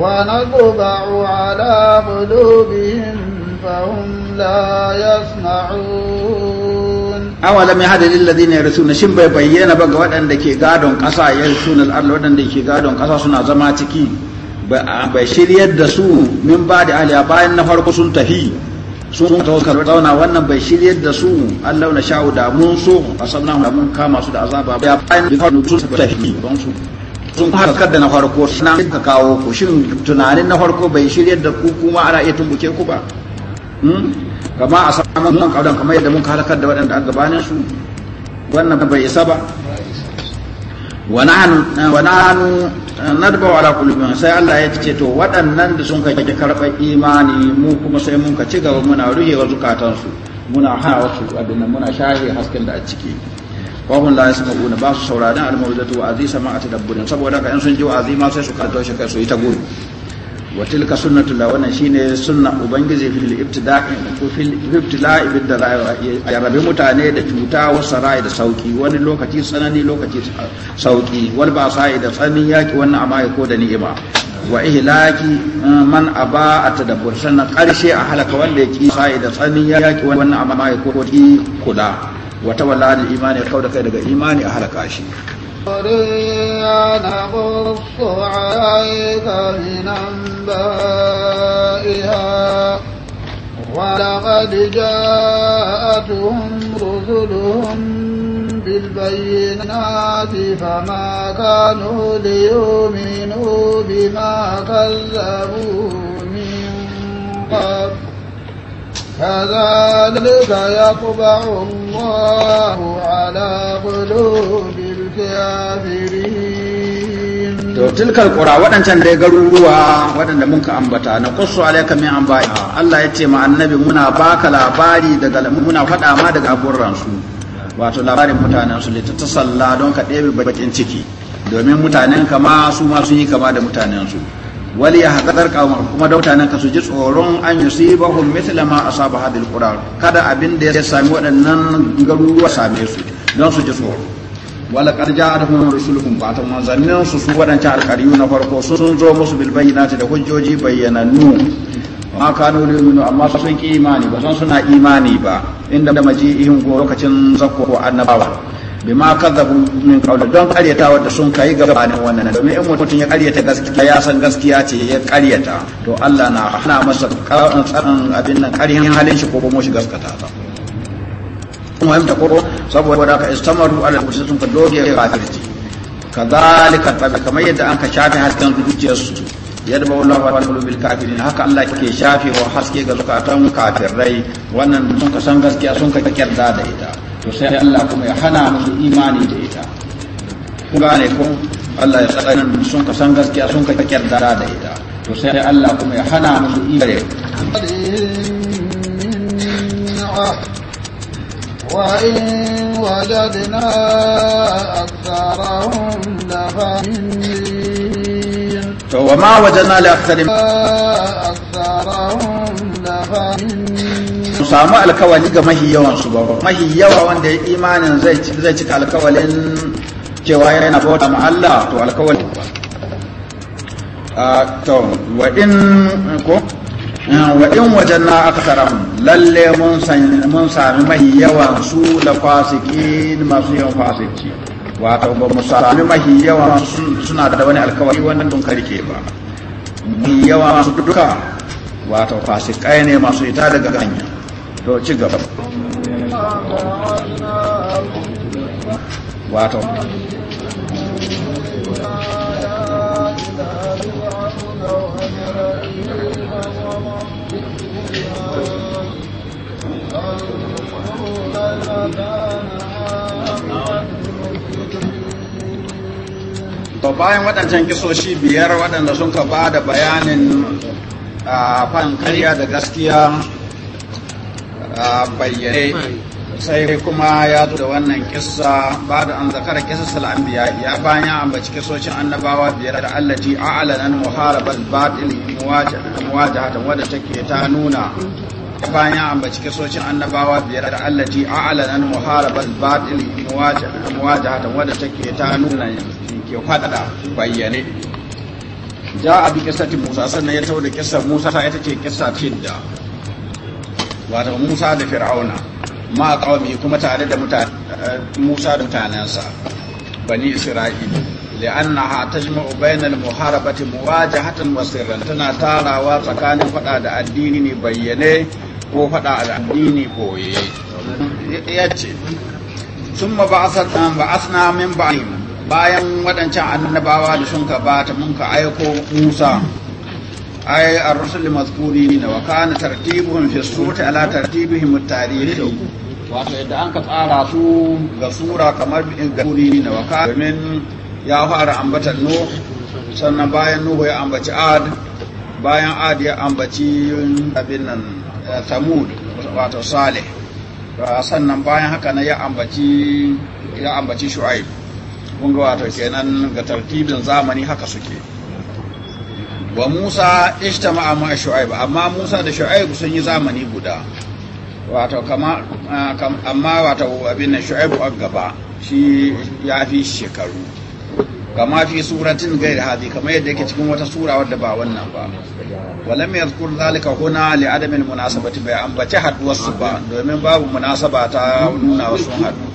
ونطبع على قلوبهم فهم لا يسمعون awa ya hada lilladhina yarsuna shin bai bayyana ba ga waɗanda ke gadon ƙasa yarsuna al-ard waɗanda ke gadon ƙasa suna zama ciki bai shiryar da su min ba da aliya bayan na farko sun tafi sun tawakkal zauna wannan bai shiryar da su Allah na sha'u da mun so asanna da mun kama su da azaba ya bayan da farko sun tafi don su sun fara kadda na farko suna ka kawo ku shin tunanin na farko bai shiryar da ku kuma ana iya tumbuke ku ba kama hmm? a amman kaudan kamar yadda mun halakar da waɗanda a gabanin su wannan bai isa ba wa nahnu nadba ala qulubihim sai Allah ya ce to waɗannan da sun kai karɓar imani mu kuma sai mun ka ci gaba muna ruhe wa zukatansu muna hana su abin muna shahe hasken da a ciki wa hum la yasma'una ba su sauraron al-mawdatu wa azisa ma atadabburin saboda ka in sun ji wa azima sai su karto shi kai su yi ta gudu wa tilka sunnatu la wannan shine sunna ubangiji fil ibtida'i ko fil ibtila'i bid dara'i ya rabi mutane da cuta wa sarai da sauki wani lokaci tsanani lokaci sauki wal ba sai da tsanin yaki wannan amma ya ko da ni'ima wa ihlaki eh, man aba atadabbur sannan karshe a halaka wanda yake sai da tsanin yaki wannan amma ya ko kula wa tawalla al imani kauda kai daga imani a halaka shi أريد عليك من أنبائها ولقد جاءتهم رسلهم بالبينات فما كانوا ليؤمنوا بما كذبوا من قبل كذلك يطبع الله على قلوب الكافرين to tilkal qura waɗancan dai garuruwa waɗanda muka ambata na qussu alaika min anba'i Allah ya ce ma annabi muna baka labari daga muna faɗa ma daga aburran wato labarin mutanen su ta salla don ka ɗebe bakin ciki domin mutanen kama su ma sun yi kama da mutanen su wali ya kuma da mutanen kasu su ji tsoron an yusibahum mithla ma sabu hadil kura kada abin da ya sami waɗannan garuruwa same su don su ji tsoro wala da ja'atuhum rusulukun ba ta manzannin su su waɗancan alkariyu na farko sun zo musu na ta da hujjoji bayyanannu ma da yi amma sun ki imani ba san suna imani ba inda ko lokacin zakko annabawa bi ma kadzabu min qawla don qaryata wadda sun kai gabanin wannan domin in mutum ya qaryata gaskiya ya san gaskiya ce ya karyata to Allah na hana masa tsarin abin nan karyan halin shi ko kuma shi gaskata ta kuma yanda ko saboda ka istamaru ala mutum sun ka doge kafirci kadhalika tabi kamar yadda an ka shafe hasken zuciyarsu yadda wallahu wa bil kafirin haka Allah ke shafi wa haske ga zakatan kafirai wannan sun ka san gaskiya sun ka kyarda da ita to sai Allah kuma ya hana musu imani da ita ku gane ko Allah ya tsaka nan sun ka san gaskiya sun ka kyardara da ita to sai Allah kuma ya hana musu imani وإن وجدنا أكثرهم لفاهمين وما وجدنا لأكثرهم أكثرهم لفاهمين samu alkawali ga mahi yawan su ba mahi yawa wanda imanin zai cika alkawalin cewa yana bauta ma Allah to alkawali to wa ko ko wajen na aka aktharahum lalle mun sami mahi yawan su da fasikin masu yawan fasiki wato ba mu sami mahi yawan su suna da wani alkawali wannan dun karke ba yawan su duka wato fasikai ne masu ita daga hanya to ci gaba wato To bayan waɗancan kisoshi biyar waɗanda sun ka ba da bayanin a ah, fan karya da gaskiya bayyane sai kuma ya zo da wannan kissa ba da an zakara kisar anbiya ya bayan ya ambaci kisocin annabawa biyar da allaji alanan muharabar batil muwajahatan wadda take ta nuna bayan ya ambaci kisocin annabawa biyar da allaji alanan muharabar batil muwajahatan wadda take ta nuna ke fadada bayyane ja a bi ta musa sannan ya tau da kisar musa ita ce kissa tidda wato Musa da Fir'auna ma qawmi kuma tare da Musa da mutanansa bani Isra'ila li'annaha tajma'u bainal muharabati muwajahatan wa sirran tana tarawa tsakanin fada da addini ne bayyane ko fada da addini boye yace summa ba'athna ba'athna min ba. bayan waɗancan annabawa da sun ka ba ta mun ka aiko Musa ay ar-rusul mazkurin wa kana tartibuhum fi surati ala tartibihim at-tarihi wato yadda an ka tsara su ga sura kamar ga na wa kana min ya fara ambatan no sannan bayan nuhu ya ambaci ad bayan ad ya ambaci abin nan samud wato salih sannan bayan haka na ya ambaci ya ambaci shu'aib kun ga wato kenan ga tartibin zamani haka suke wa Musa ishtama'a ma Shu'aib amma Musa da Shu'aib sun yi zamani guda wato kama amma wato abin da Shu'aib a gaba shi ya fi shekaru kama fi suratin gairi hadi kamar yadda yake cikin wata sura wadda ba wannan ba walam yadhkur zalika huna li adam al munasabati bai ambaci haduwar su ba domin babu munasaba ta nuna wasu eh? hadu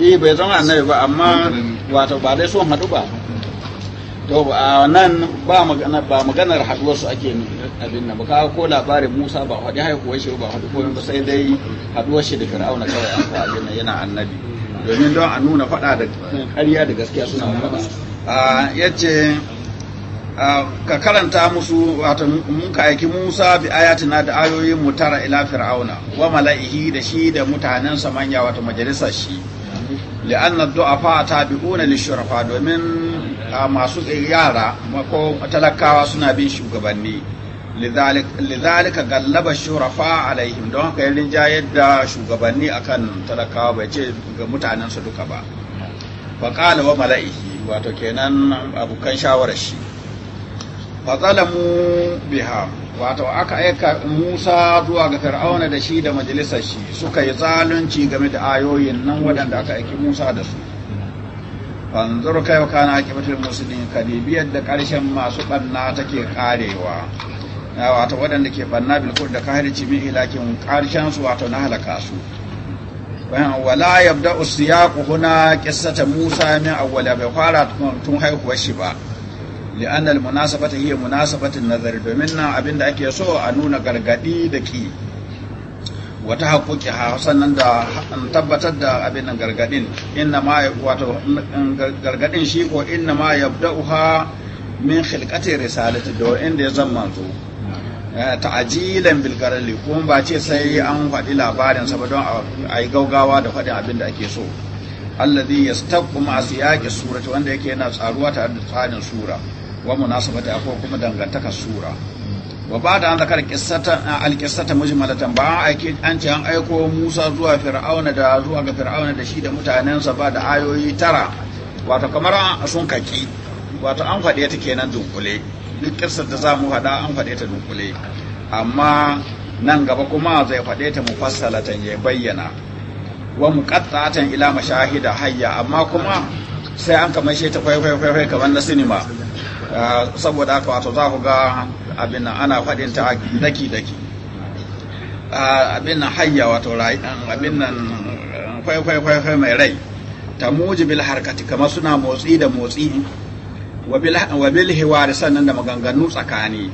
eh bai zama annabi ba amma wato ba dai son haɗu ba to a nan ba magana ba maganar haɗuwar su ake abin nan ba ko labarin Musa ba haɗi haihuwar shi ba haɗu ko ba sai dai haɗuwar shi da Fir'auna kawai an fa abin yana annabi domin don a nuna faɗa da ƙarya da gaskiya suna faɗa yace ka karanta musu wato mun ka aiki Musa bi ayatina da ayoyin mu tara ila fir'auna wa mala'ihi da shi da mutanen manya wato majalisar shi li'anna du'afa tabi'una lishurafa domin masu yara ko talakawa suna bin shugabanni lidhalika gallaba shurafa alaihim don haka yin jayar da shugabanni akan talakawa bai ce ga mutanensu duka ba fa qala wa mala'ihi wato kenan abukan shawarar shi fazalamu biha wato aka aika Musa zuwa ga Fir'auna da shi da majalisar shi suka yi zalunci game da ayoyin nan waɗanda aka aiki Musa da su fanzur kai kana akibatul muslimin biyar da ƙarshen masu banna take karewa wato waɗanda ke banna bilkul da kahirci min ilakin ƙarshen su wato na halaka su wala yabda usiyaqu huna qissata Musa min awwala bai fara tun haihuwar shi ba li'anna al-munasabata hiya munasabatu nazar domin nan abinda ake so a nuna gargadi da ki wata hakuki, ha sannan da tabbatar da abin nan gargadin inna ma wato gargadin shi ko inna ma yabda'uha min khilqati risalati da inda ya zama zo ta'ajilan bil garali kuma ba ce sai an faɗi labarin sa ba don a yi gaugawa da faɗin abin da ake so alladhi yastaqu ma siyaqi surati wanda yake yana tsaruwa tare da tsarin sura wa munasabata ko kuma dangantaka sura wa ba da an zakar alƙisata mujmalatan ba ke an ce an aiko musa zuwa fir'auna da zuwa ga fir'auna da shi da mutanensa ba da ayoyi tara wato kamar sun kaki wato an faɗe ta kenan dunkule duk kissar da za mu faɗa an faɗe ta dunkule amma nan gaba kuma zai faɗe ta mufassalatan ya bayyana wa muqattatan ila mashahida hayya amma kuma sai an kamar shi ta kwaikwayo kamar na sinima Eh, saboda haka wato za ku ga abin nan ana faɗin ta daki daki eh, abin nan hayya wato abin nan kwaikwaikwaikwai eh, mai rai ta mujibil harkati kamar suna motsi da motsi wa bil hiwari sannan da maganganu tsakani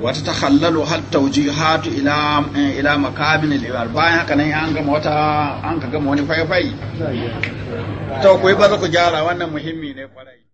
wata ta hallalo har tauji hatu ila makamin liwar bayan haka nan an gama wata an ka gama wani faifai ta kuwa ba za ku gyara wannan muhimmi ne kwarai